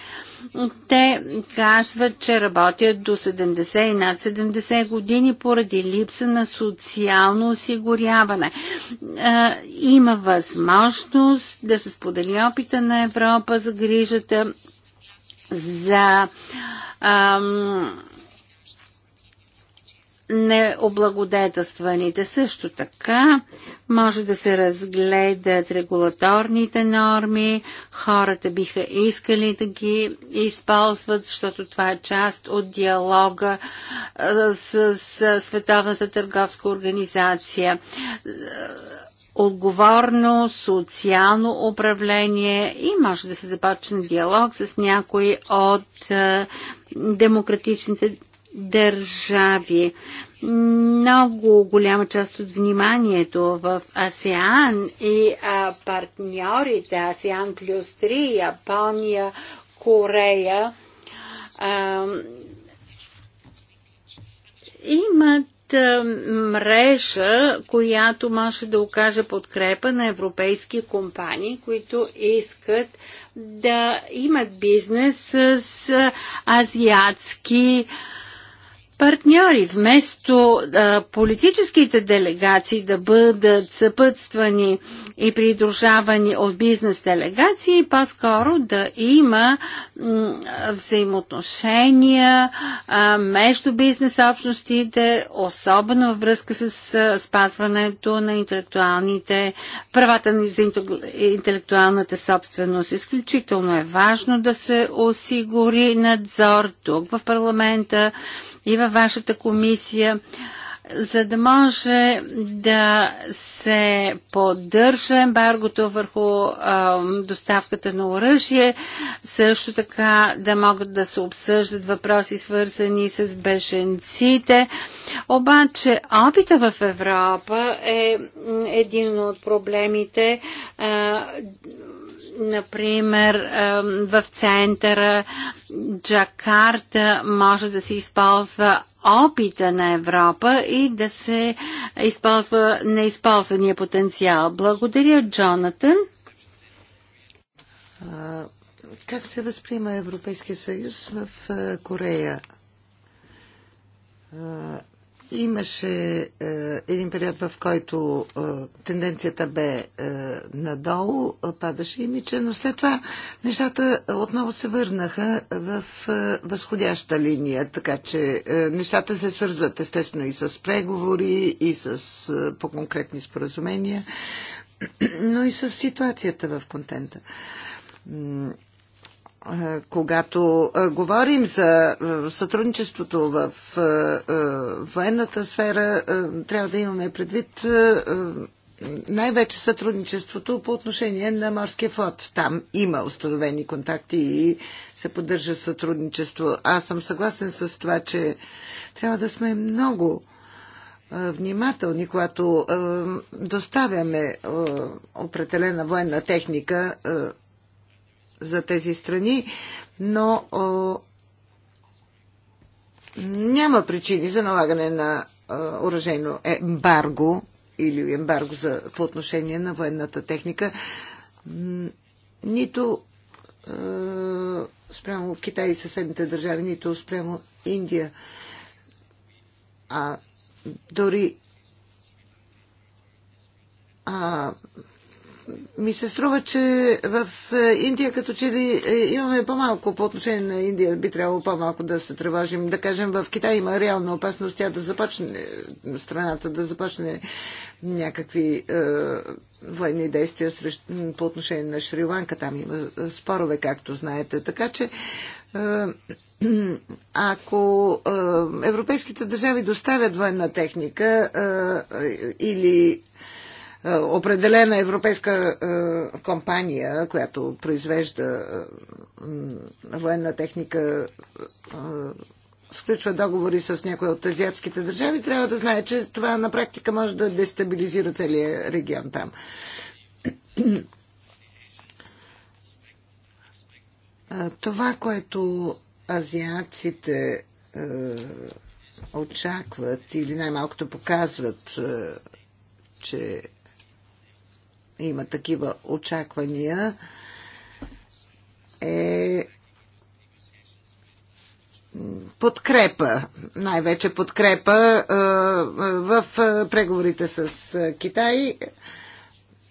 те казват, че работят до 70 и над 70 години поради липса на социално осигуряване. Има възможност да се сподели опита на Европа за грижата за ам, необлагодетелстваните. Също така може да се разгледат регулаторните норми, хората биха искали да ги използват, защото това е част от диалога с, с Световната търговска организация отговорно социално управление и може да се започне диалог с някои от демократичните държави. Много голяма част от вниманието в АСЕАН и а, партньорите АСЕАН плюс 3, Япония, Корея а, имат мрежа, която може да окаже подкрепа на европейски компании, които искат да имат бизнес с азиатски а, партньори, вместо а, политическите делегации да бъдат съпътствани и придружавани от бизнес делегации, по-скоро да има взаимоотношения а, между бизнес общностите, особено във връзка с а, спазването на интелектуалните правата на интелектуалната собственост. Изключително е важно да се осигури надзор тук в парламента и във вашата комисия, за да може да се поддържа ембаргото върху а, доставката на оръжие, също така да могат да се обсъждат въпроси свързани с беженците. Обаче опита в Европа е един от проблемите. А, Например, в центъра Джакарта може да се използва опита на Европа и да се използва неизползвания потенциал. Благодаря, Джонатан. Как се възприема Европейския съюз в Корея? Имаше е, един период, в който е, тенденцията бе е, надолу, е, падаше и миче, но след това нещата отново се върнаха в е, възходяща линия, така че е, нещата се свързват естествено и с преговори, и с е, по-конкретни споразумения, [clears throat] но и с ситуацията в контента когато говорим за сътрудничеството в военната сфера, трябва да имаме предвид най-вече сътрудничеството по отношение на морския флот. Там има установени контакти и се поддържа сътрудничество. Аз съм съгласен с това, че трябва да сме много внимателни, когато доставяме определена военна техника за тези страни, но о, няма причини за налагане на оръжейно ембарго или ембарго за, по отношение на военната техника. Нито е, спрямо Китай и съседните държави, нито спрямо Индия. А дори а, ми се струва, че в е, Индия като че ли е, имаме по-малко по отношение на Индия, би трябвало по-малко да се тревожим. Да кажем, в Китай има реална опасност тя да започне, страната да започне някакви е, военни действия срещ, по отношение на Шри-Ланка. Там има спорове, както знаете. Така че е, [clears throat] ако е, европейските държави доставят военна техника е, е или е, определена европейска е, компания, която произвежда е, военна техника, сключва договори с някои от азиатските държави, трябва да знае, че това на практика може да дестабилизира целия регион там. Това, което азиатците очакват или най-малкото показват, че има такива очаквания, е подкрепа, най-вече подкрепа в преговорите с Китай.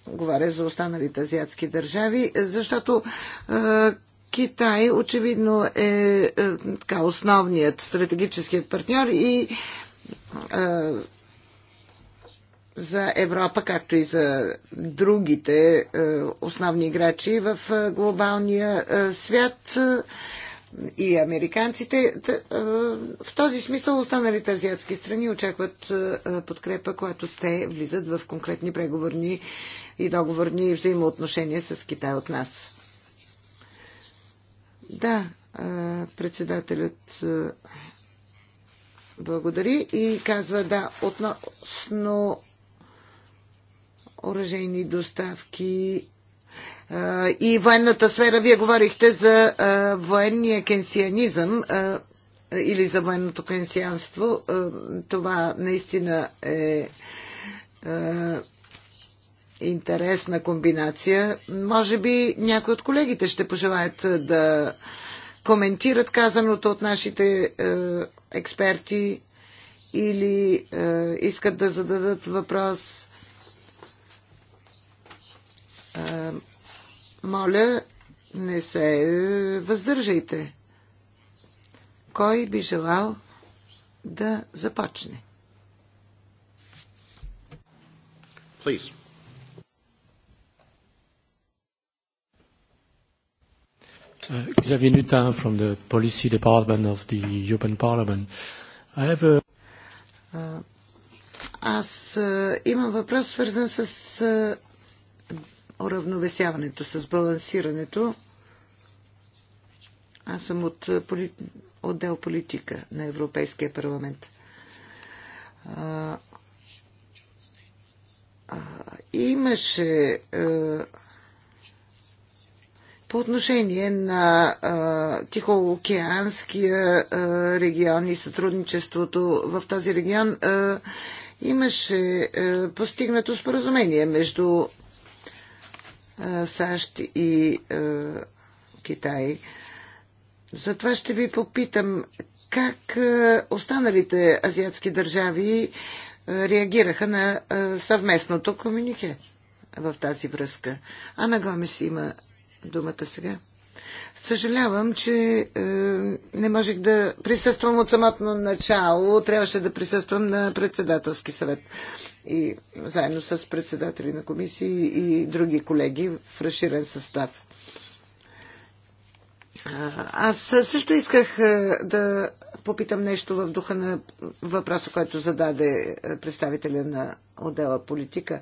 Говоря за останалите азиатски държави, защото Китай очевидно е, е така, основният стратегическият партньор и за Европа, както и за другите е, основни играчи в е, глобалния е, свят и американците. В този смисъл останалите азиатски страни очакват подкрепа, когато те влизат в конкретни преговорни и договорни взаимоотношения с Китай от нас. Да, председателят благодари и казва да, относно оръжейни доставки и военната сфера. Вие говорихте за военния кенсианизъм или за военното кенсианство. Това наистина е интересна комбинация. Може би някои от колегите ще пожелаят да коментират казаното от нашите експерти или искат да зададат въпрос моля, не се въздържайте. Кой би желал да започне? Please. Xavier Nutin from the Policy Department of the European Parliament. I have a... Аз имам въпрос свързан с уравновесяването, с балансирането. Аз съм от е, поли... отдел политика на Европейския парламент. А, а, имаше а, е, по отношение на а, е, Тихоокеанския а, регион и сътрудничеството в този регион а, имаше а, постигнато споразумение между САЩ и Китай. Затова ще ви попитам как останалите азиатски държави реагираха на съвместното комюнике в тази връзка. Ана Гомес има думата сега. Съжалявам, че е, не можех да присъствам от самото начало. Трябваше да присъствам на председателски съвет и заедно с председатели на комисии и други колеги в разширен състав. Аз също исках да попитам нещо в духа на въпроса, който зададе представителя на отдела политика.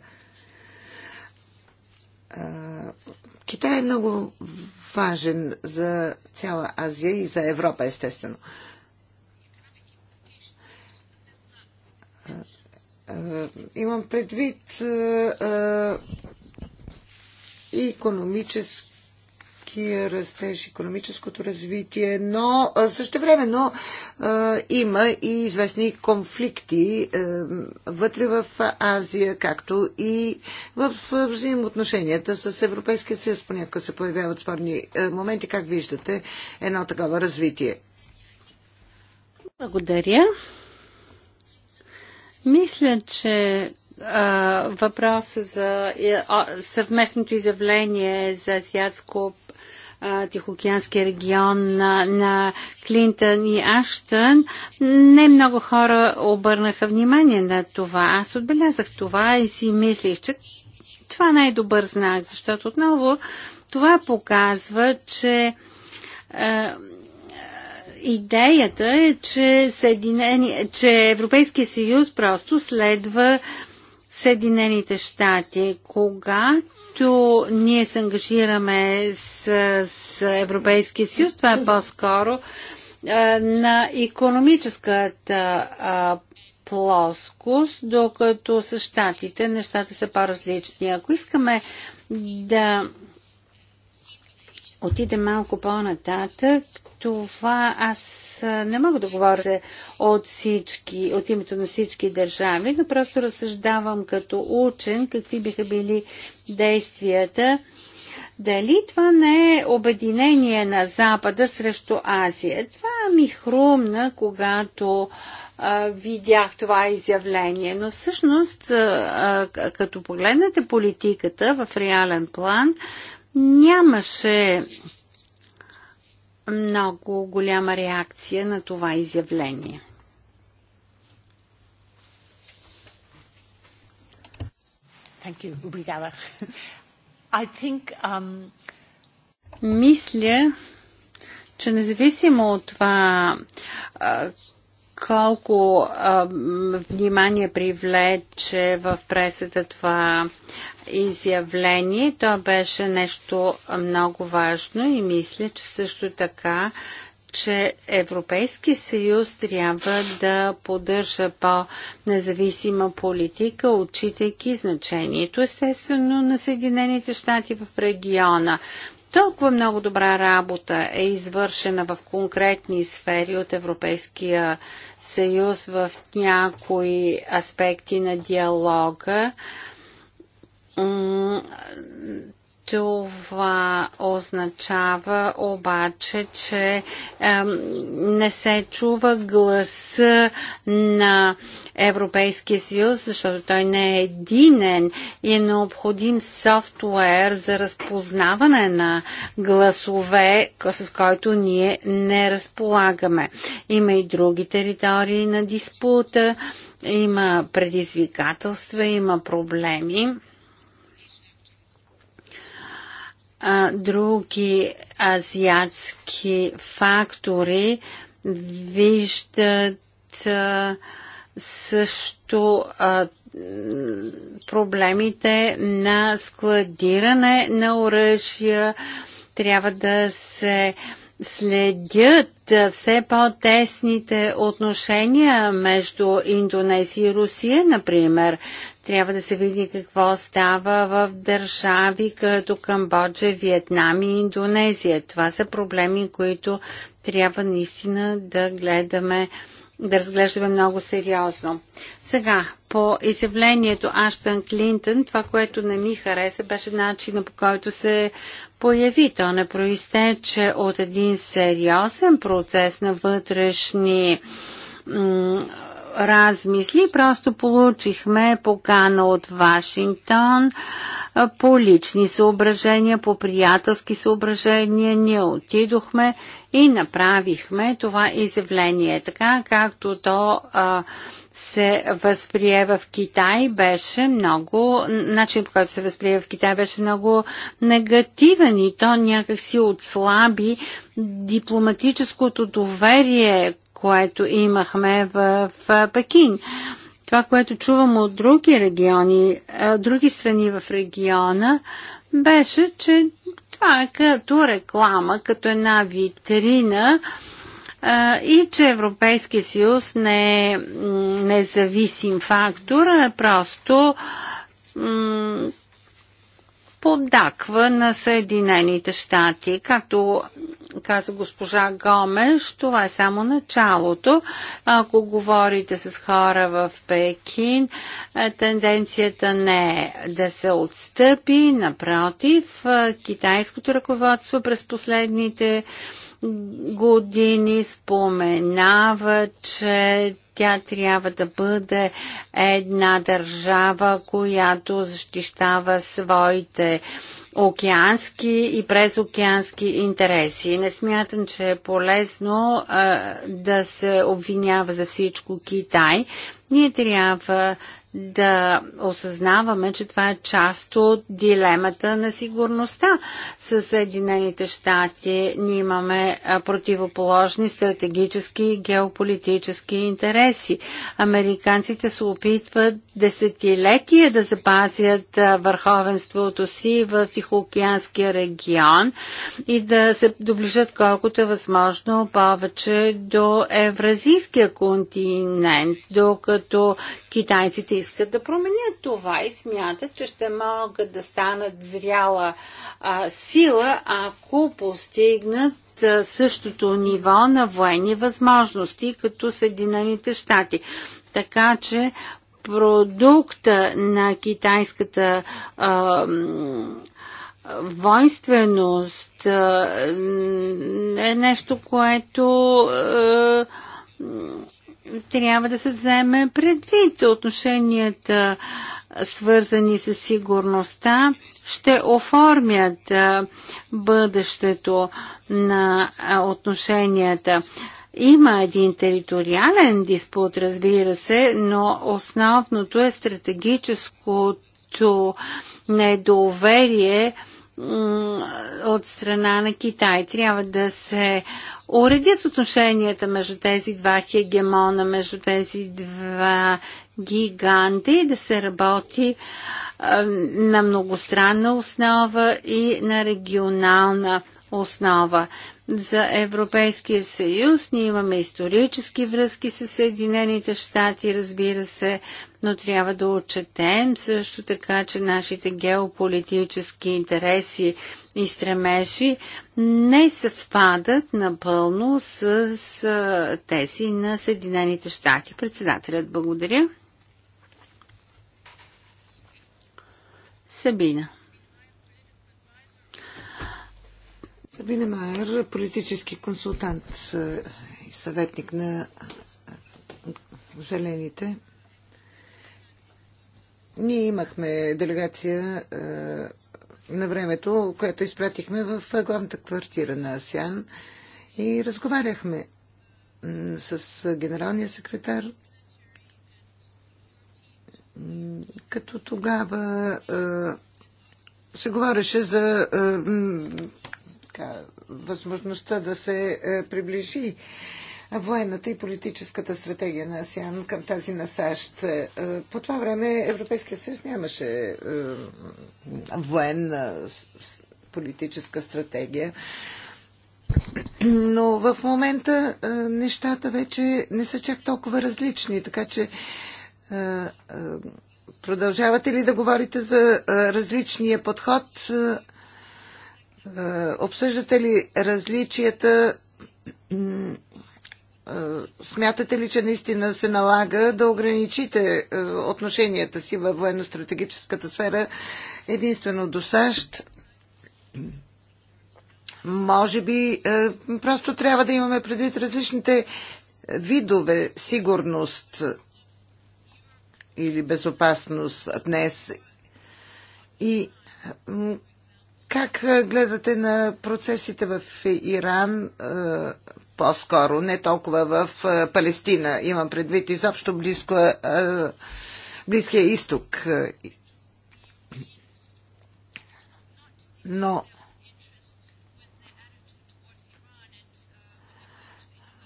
Китай е много важен за цяла Азия и за Европа, естествено. Е, имам предвид и е, економическия растеж, економическото развитие, но е, също време, но има и известни конфликти вътре в Азия, както и в взаимоотношенията с Европейския съюз. Понякога се появяват спорни моменти. Как виждате едно такова развитие? Благодаря. Мисля, че а, въпроса за е, а, съвместното изявление за азиатско Тихоокеанския регион на, на Клинтън и Аштън, не много хора обърнаха внимание на това. Аз отбелязах това и си мислих, че това е най добър знак, защото отново това показва, че идеята е, че, Съединени... че Европейския съюз просто следва Съединените щати. Когато ние се ангажираме с, с Европейския съюз, това е по-скоро на економическата плоскост, докато с щатите нещата са по-различни. Ако искаме да отиде малко по-нататък, това аз не мога да говоря от, всички, от името на всички държави, но просто разсъждавам като учен какви биха били действията. Дали това не е обединение на Запада срещу Азия? Това ми хрумна, когато а, видях това изявление. Но всъщност, а, а, като погледнете политиката в реален план, а, Нямаше много голяма реакция на това изявление. Thank you. I think, um... Мисля, че независимо от това колко внимание привлече в пресата това изявление. То беше нещо много важно и мисля, че също така че Европейски съюз трябва да поддържа по-независима политика, отчитайки значението, естествено, на Съединените щати в региона. Толкова много добра работа е извършена в конкретни сфери от Европейския съюз в някои аспекти на диалога. Това означава обаче, че не се чува гласа на Европейския съюз, защото той не е единен и е необходим софтуер за разпознаване на гласове, с който ние не разполагаме. Има и други територии на диспута, има предизвикателства, има проблеми. други азиатски фактори виждат а, също а, проблемите на складиране на оръжия. Трябва да се следят все по-тесните отношения между Индонезия и Русия, например. Трябва да се види какво става в държави като Камбоджа, Виетнам и Индонезия. Това са проблеми, които трябва наистина да гледаме да разглеждаме много сериозно. Сега, по изявлението Аштън Клинтън, това, което не ми хареса, беше начина по който се появи. То не проистече от един сериозен процес на вътрешни размисли. Просто получихме покана от Вашингтон по лични съображения, по приятелски съображения. Ние отидохме и направихме това изявление. Така както то а, се възприе в Китай беше много, начин по който се възприе в Китай беше много негативен и то някакси отслаби дипломатическото доверие, което имахме в Пекин. Това, което чувам от други региони, други страни в региона, беше, че това е като реклама, като една витрина и че Европейския съюз не е независим фактор, а просто поддаква на Съединените щати. Както каза госпожа Гомеш, това е само началото. Ако говорите с хора в Пекин, е, тенденцията не е да се отстъпи. Напротив, е, китайското ръководство през последните години споменава, че тя трябва да бъде една държава, която защищава своите океански и през океански интереси. Не смятам, че е полезно а, да се обвинява за всичко Китай. Ние трябва да осъзнаваме, че това е част от дилемата на сигурността. С Съединените щати ние имаме противоположни стратегически и геополитически интереси. Американците се опитват десетилетия да запазят върховенството си в Тихоокеанския регион и да се доближат колкото е възможно повече до евразийския континент, докато китайците и искат да променят това и смятат, че ще могат да станат зряла а, сила, ако постигнат същото ниво на военни възможности, като Съединените щати. Така че продукта на китайската а, воинственост а, е нещо, което а, трябва да се вземе предвид отношенията свързани с сигурността, ще оформят бъдещето на отношенията. Има един териториален диспут, разбира се, но основното е стратегическото недоверие от страна на Китай. Трябва да се уредят отношенията между тези два хегемона, между тези два гиганти и да се работи на многостранна основа и на регионална основа. За Европейския съюз ние имаме исторически връзки с Съединените щати, разбира се, но трябва да отчетем също така, че нашите геополитически интереси и стремежи не съвпадат напълно с, тези на Съединените щати. Председателят, благодаря. Сабина. Сабина Майер, политически консултант е, и съветник на е, Зелените. Ние имахме делегация е, на времето, което изпратихме в е, главната квартира на АСИАН и разговаряхме с е, генералния секретар. Като тогава е, се говореше за е, така, възможността да се е, приближи военната и политическата стратегия на АСИАН към тази на САЩ. Е, е, по това време Европейския съюз нямаше е, военна политическа стратегия. Но в момента нещата вече не са чак толкова различни, така че продължавате ли да говорите за различния подход? Обсъждате ли различията е, смятате ли, че наистина се налага да ограничите е, отношенията си във военно-стратегическата сфера единствено до САЩ? Може би е, просто трябва да имаме предвид различните видове сигурност или безопасност днес. И как гледате на процесите в Иран по-скоро, не толкова в е, Палестина. Имам предвид изобщо близко, е, е, Близкия изток. Но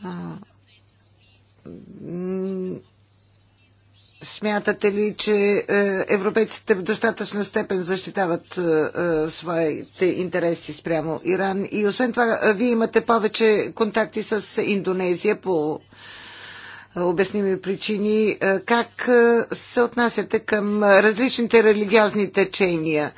а, Смятате ли, че е, европейците в достатъчна степен защитават е, е, своите интереси спрямо Иран? И освен това, вие имате повече контакти с Индонезия по обясними причини. Как се отнасяте към различните религиозни течения?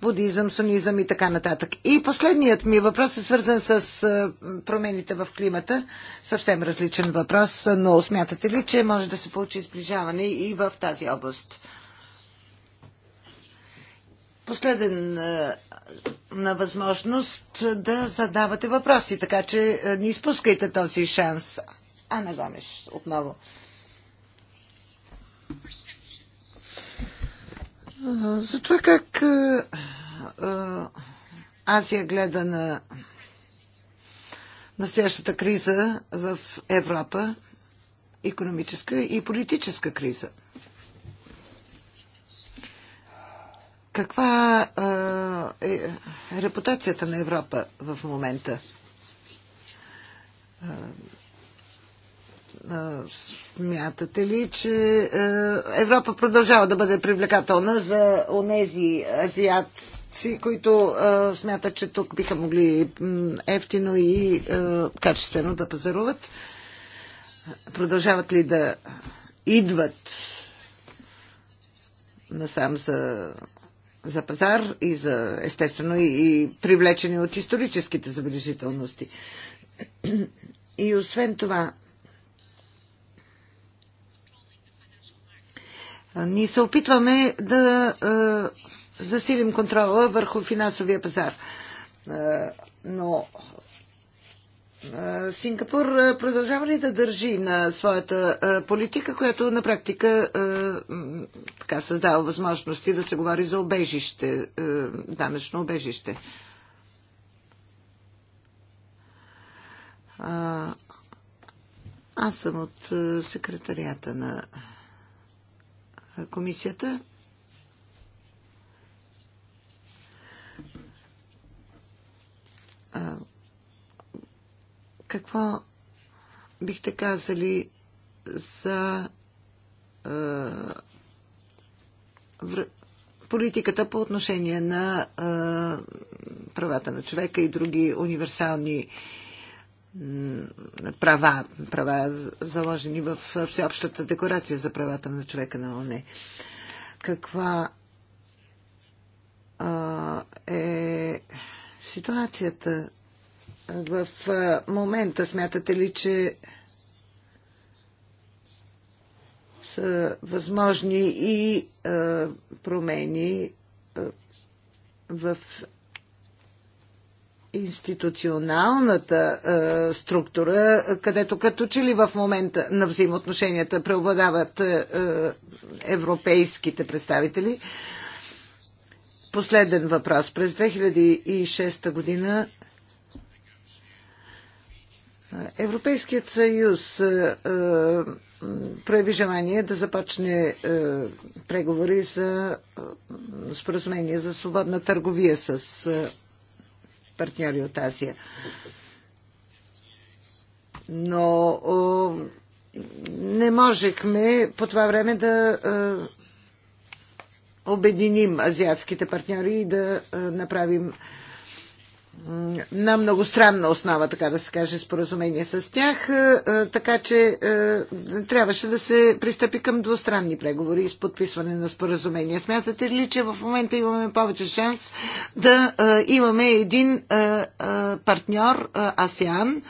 будизъм, сунизъм и така нататък. И последният ми въпрос е свързан с промените в климата. Съвсем различен въпрос, но смятате ли, че може да се получи изближаване и в тази област? Последен на възможност да задавате въпроси, така че не изпускайте този шанс. Ана Гомеш, отново. За това как Азия гледа на настоящата криза в Европа, економическа и политическа криза. Каква е репутацията на Европа в момента? Смятате ли, че Европа продължава да бъде привлекателна за онези азиатци, които смятат, че тук биха могли ефтино и качествено да пазаруват? Продължават ли да идват насам за, за пазар и за естествено и, и привлечени от историческите забележителности? И освен това, Ние се опитваме да засилим контрола върху финансовия пазар. Но Сингапур продължава ли да държи на своята политика, която на практика така създава възможности да се говори за обежище, данъчно обежище? Аз съм от секретарията на комисията. Какво бихте казали за политиката по отношение на правата на човека и други универсални права, права заложени в Всеобщата декорация за правата на човека на ОНЕ. Каква е ситуацията в момента? Смятате ли, че са възможни и промени в институционалната е, структура, където като че ли в момента на взаимоотношенията преобладават е, е европейските представители. Последен въпрос. През 2006 година е, Европейският съюз е, е, прояви желание да започне е, преговори за е, споразумение за свободна търговия с партньори от Азия. Но не можехме по това време да обединим азиатските партньори и да направим на многостранна основа, така да се каже, споразумение с тях, е, е, така че е, трябваше да се пристъпи към двустранни преговори с подписване на споразумение. Смятате ли, че в момента имаме повече шанс да имаме един партньор, АСЕАН,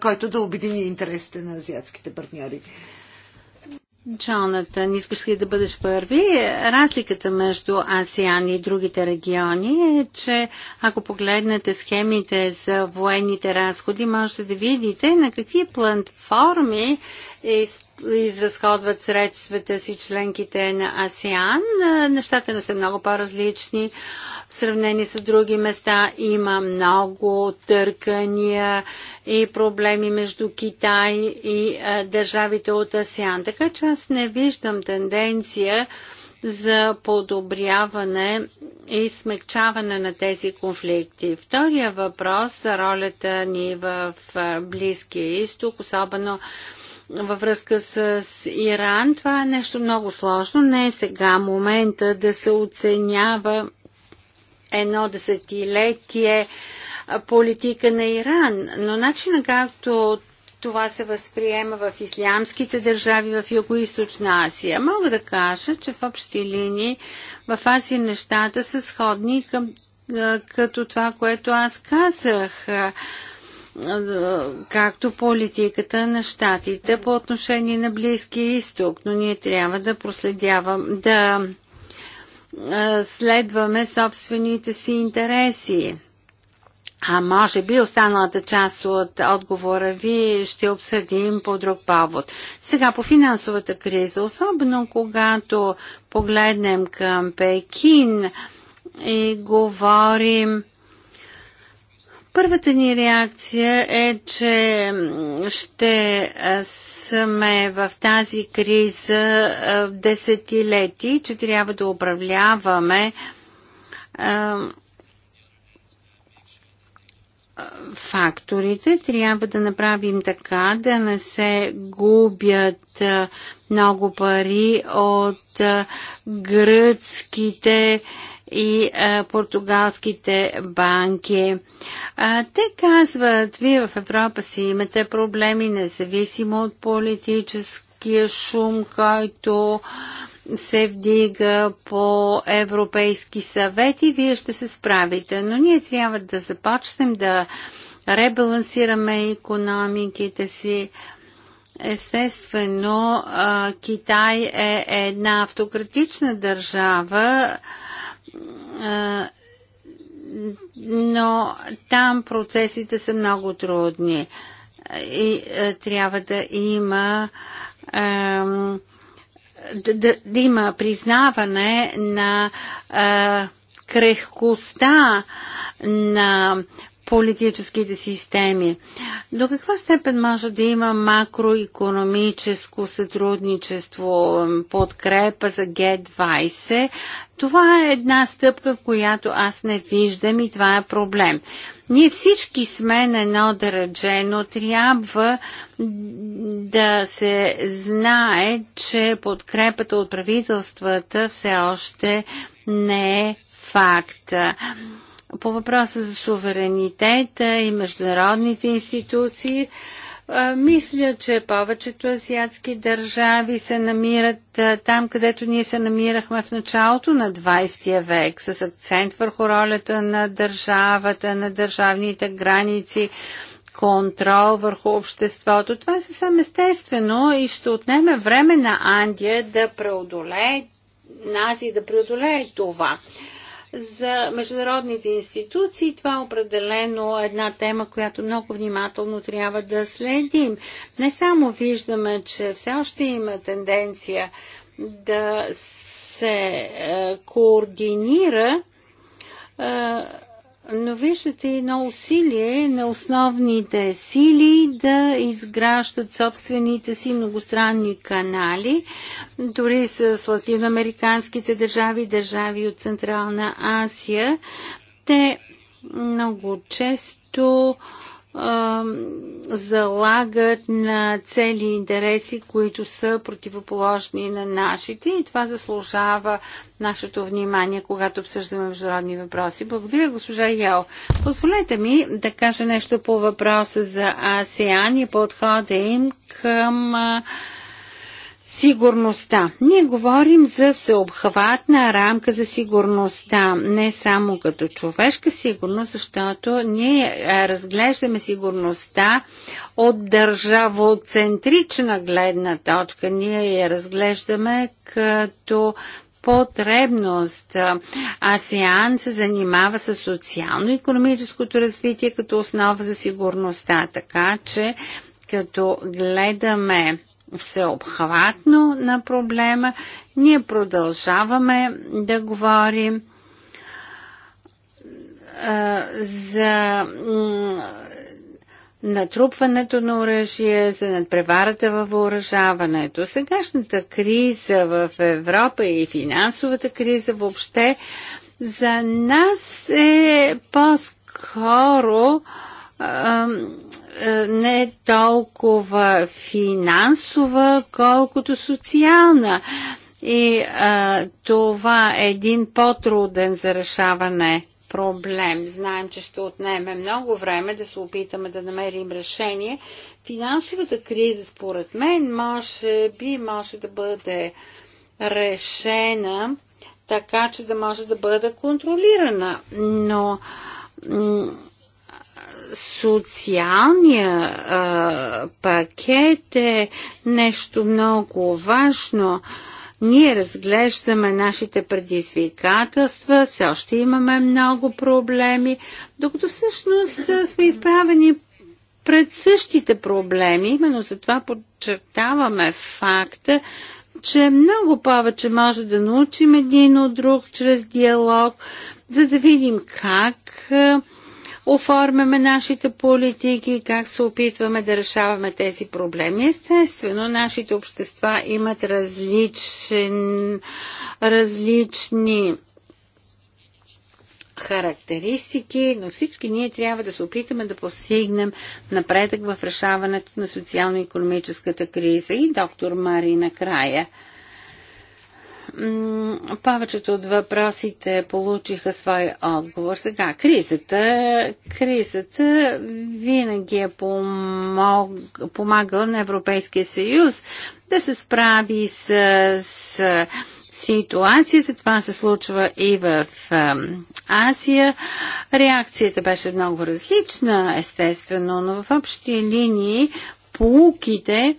който да обедини интересите на азиатските партньори? Джонатан, искаш ли да бъдеш първи? Разликата между АСИАН и другите региони е, че ако погледнете схемите за военните разходи, можете да видите на какви платформи е изразходват средствата си членките на АСЕАН. Нещата не са много по-различни. В сравнение с други места има много търкания и проблеми между Китай и държавите от АСЕАН. Така че аз не виждам тенденция за подобряване и смягчаване на тези конфликти. Втория въпрос за ролята ни в Близкия изток, особено във връзка с Иран. Това е нещо много сложно. Не е сега момента да се оценява едно десетилетие политика на Иран, но начина както това се възприема в ислямските държави в Юго-Источна Азия. Мога да кажа, че в общи линии в Азия нещата са сходни към, като това, което аз казах както политиката на щатите по отношение на Близкия изток, но ние трябва да проследявам, да следваме собствените си интереси. А може би останалата част от отговора ви ще обсъдим по друг повод. Сега по финансовата криза, особено когато погледнем към Пекин и говорим Първата ни реакция е, че ще сме в тази криза десетилети, че трябва да управляваме факторите. Трябва да направим така, да не се губят много пари от гръцките и а, португалските банки. А, те казват, вие в Европа си имате проблеми, независимо от политическия шум, който се вдига по Европейски съвет и вие ще се справите. Но ние трябва да започнем да ребалансираме економиките си. Естествено, Китай е една автократична държава, но там процесите са много трудни и трябва да има да, да, да има признаване на крехкостта на политическите системи. До каква степен може да има макроекономическо сътрудничество, подкрепа за Г20? Това е една стъпка, която аз не виждам и това е проблем. Ние всички сме на едно държе, но трябва да се знае, че подкрепата от правителствата все още не е факт. По въпроса за суверенитета и международните институции, мисля, че повечето азиатски държави се намират там, където ние се намирахме в началото на 20 век, с акцент върху ролята на държавата, на държавните граници, контрол върху обществото. Това е съвсем естествено и ще отнеме време на Андия да преодолее нас и да преодолее това за международните институции. Това е определено една тема, която много внимателно трябва да следим. Не само виждаме, че все още има тенденция да се е, координира е, но виждате едно усилие на основните сили да изграждат собствените си многостранни канали, дори с латиноамериканските държави, държави от Централна Азия. Те много често залагат на цели интереси, които са противоположни на нашите и това заслужава нашето внимание, когато обсъждаме международни въпроси. Благодаря, госпожа Ял. Позволете ми да кажа нещо по въпроса за АСЕАН и подхода им към сигурността. Ние говорим за всеобхватна рамка за сигурността, не само като човешка сигурност, защото ние разглеждаме сигурността от държавоцентрична гледна точка. Ние я разглеждаме като потребност. АСЕАН се занимава с социално-економическото развитие като основа за сигурността, така че като гледаме всеобхватно на проблема. Ние продължаваме да говорим а, за натрупването на оръжие, за надпреварата във въоръжаването. Сегашната криза в Европа и финансовата криза въобще за нас е по-скоро а, е, не толкова финансова, колкото социална. И а, това е един по-труден за решаване проблем. Знаем, че ще отнеме много време да се опитаме да намерим решение. Финансовата криза, според мен, може би може да бъде решена така, че да може да бъде контролирана. Но социалния а, пакет е нещо много важно. Ние разглеждаме нашите предизвикателства, все още имаме много проблеми, докато всъщност сме изправени пред същите проблеми. Именно за това подчертаваме факта, че много повече може да научим един от друг чрез диалог, за да видим как оформяме нашите политики, как се опитваме да решаваме тези проблеми. Естествено, нашите общества имат различен, различни характеристики, но всички ние трябва да се опитаме да постигнем напредък в решаването на социално-економическата криза. И доктор Мари накрая – повечето от въпросите получиха свой отговор. Сега, кризата, кризата винаги е помог, помагала на Европейския съюз да се справи с, с ситуацията. Това се случва и в Азия. Реакцията беше много различна, естествено, но в общи линии полуките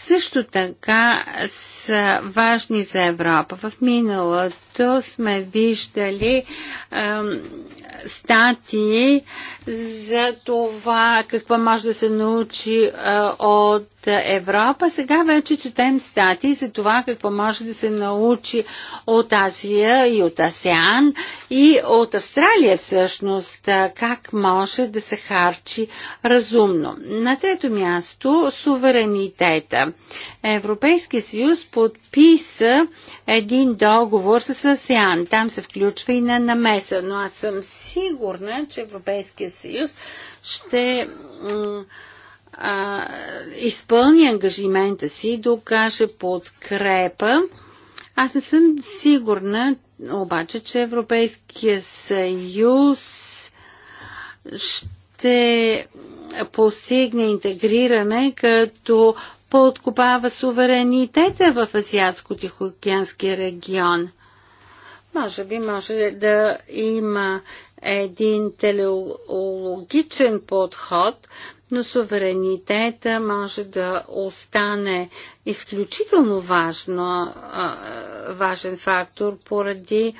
също така са важни за Европа. В миналото сме виждали ем, статии за това какво може да се научи е, от Европа. Сега вече четем статии за това какво може да се научи от Азия и от АСЕАН и от Австралия всъщност, как може да се харчи разумно. На трето място суверенитета. Европейския съюз подписа един договор с АСЕАН. Там се включва и на намеса, но аз съм сигурна, че Европейския съюз ще а, изпълни ангажимента си, докаже подкрепа. Аз не съм сигурна, обаче, че Европейския съюз ще постигне интегриране, като подкопава суверенитета в Азиатско-Тихоокеанския регион. Може би може да има един телеологичен подход, но суверенитета може да остане изключително важно, важен фактор поради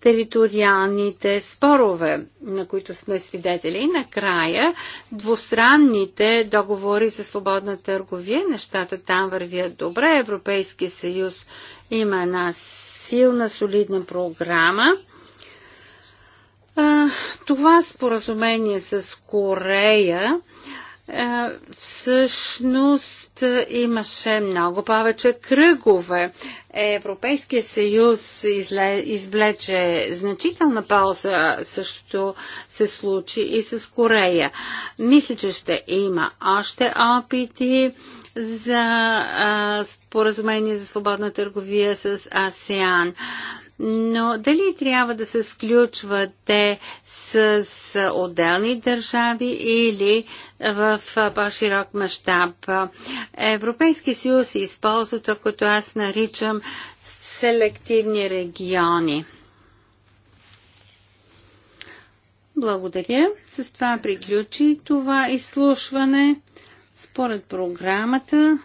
териториалните спорове, на които сме свидетели. И накрая двустранните договори за свободна търговия, нещата там вървят добре. Европейския съюз има една силна, солидна програма. Това споразумение с Корея е, всъщност имаше много повече кръгове. Европейския съюз извлече значителна полза, също се случи и с Корея. Мисля, че ще има още опити за споразумение за свободна търговия с АСЕАН но дали трябва да се сключвате с, с отделни държави или в по-широк мащаб? Европейски съюз използва това, което аз наричам селективни региони. Благодаря. С това приключи това изслушване. Според програмата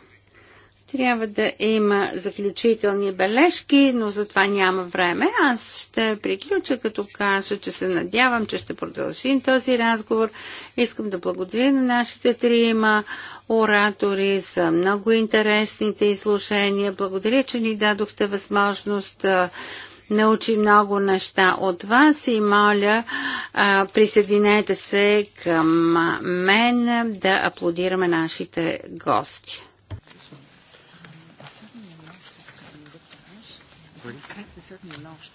трябва да има заключителни бележки, но за това няма време. Аз ще приключа, като кажа, че се надявам, че ще продължим този разговор. Искам да благодаря на нашите трима оратори за много интересните изслушения. Благодаря, че ни дадохте възможност да научи много неща от вас и моля, присъединете се към мен да аплодираме нашите гости. Sorry? Certainly not.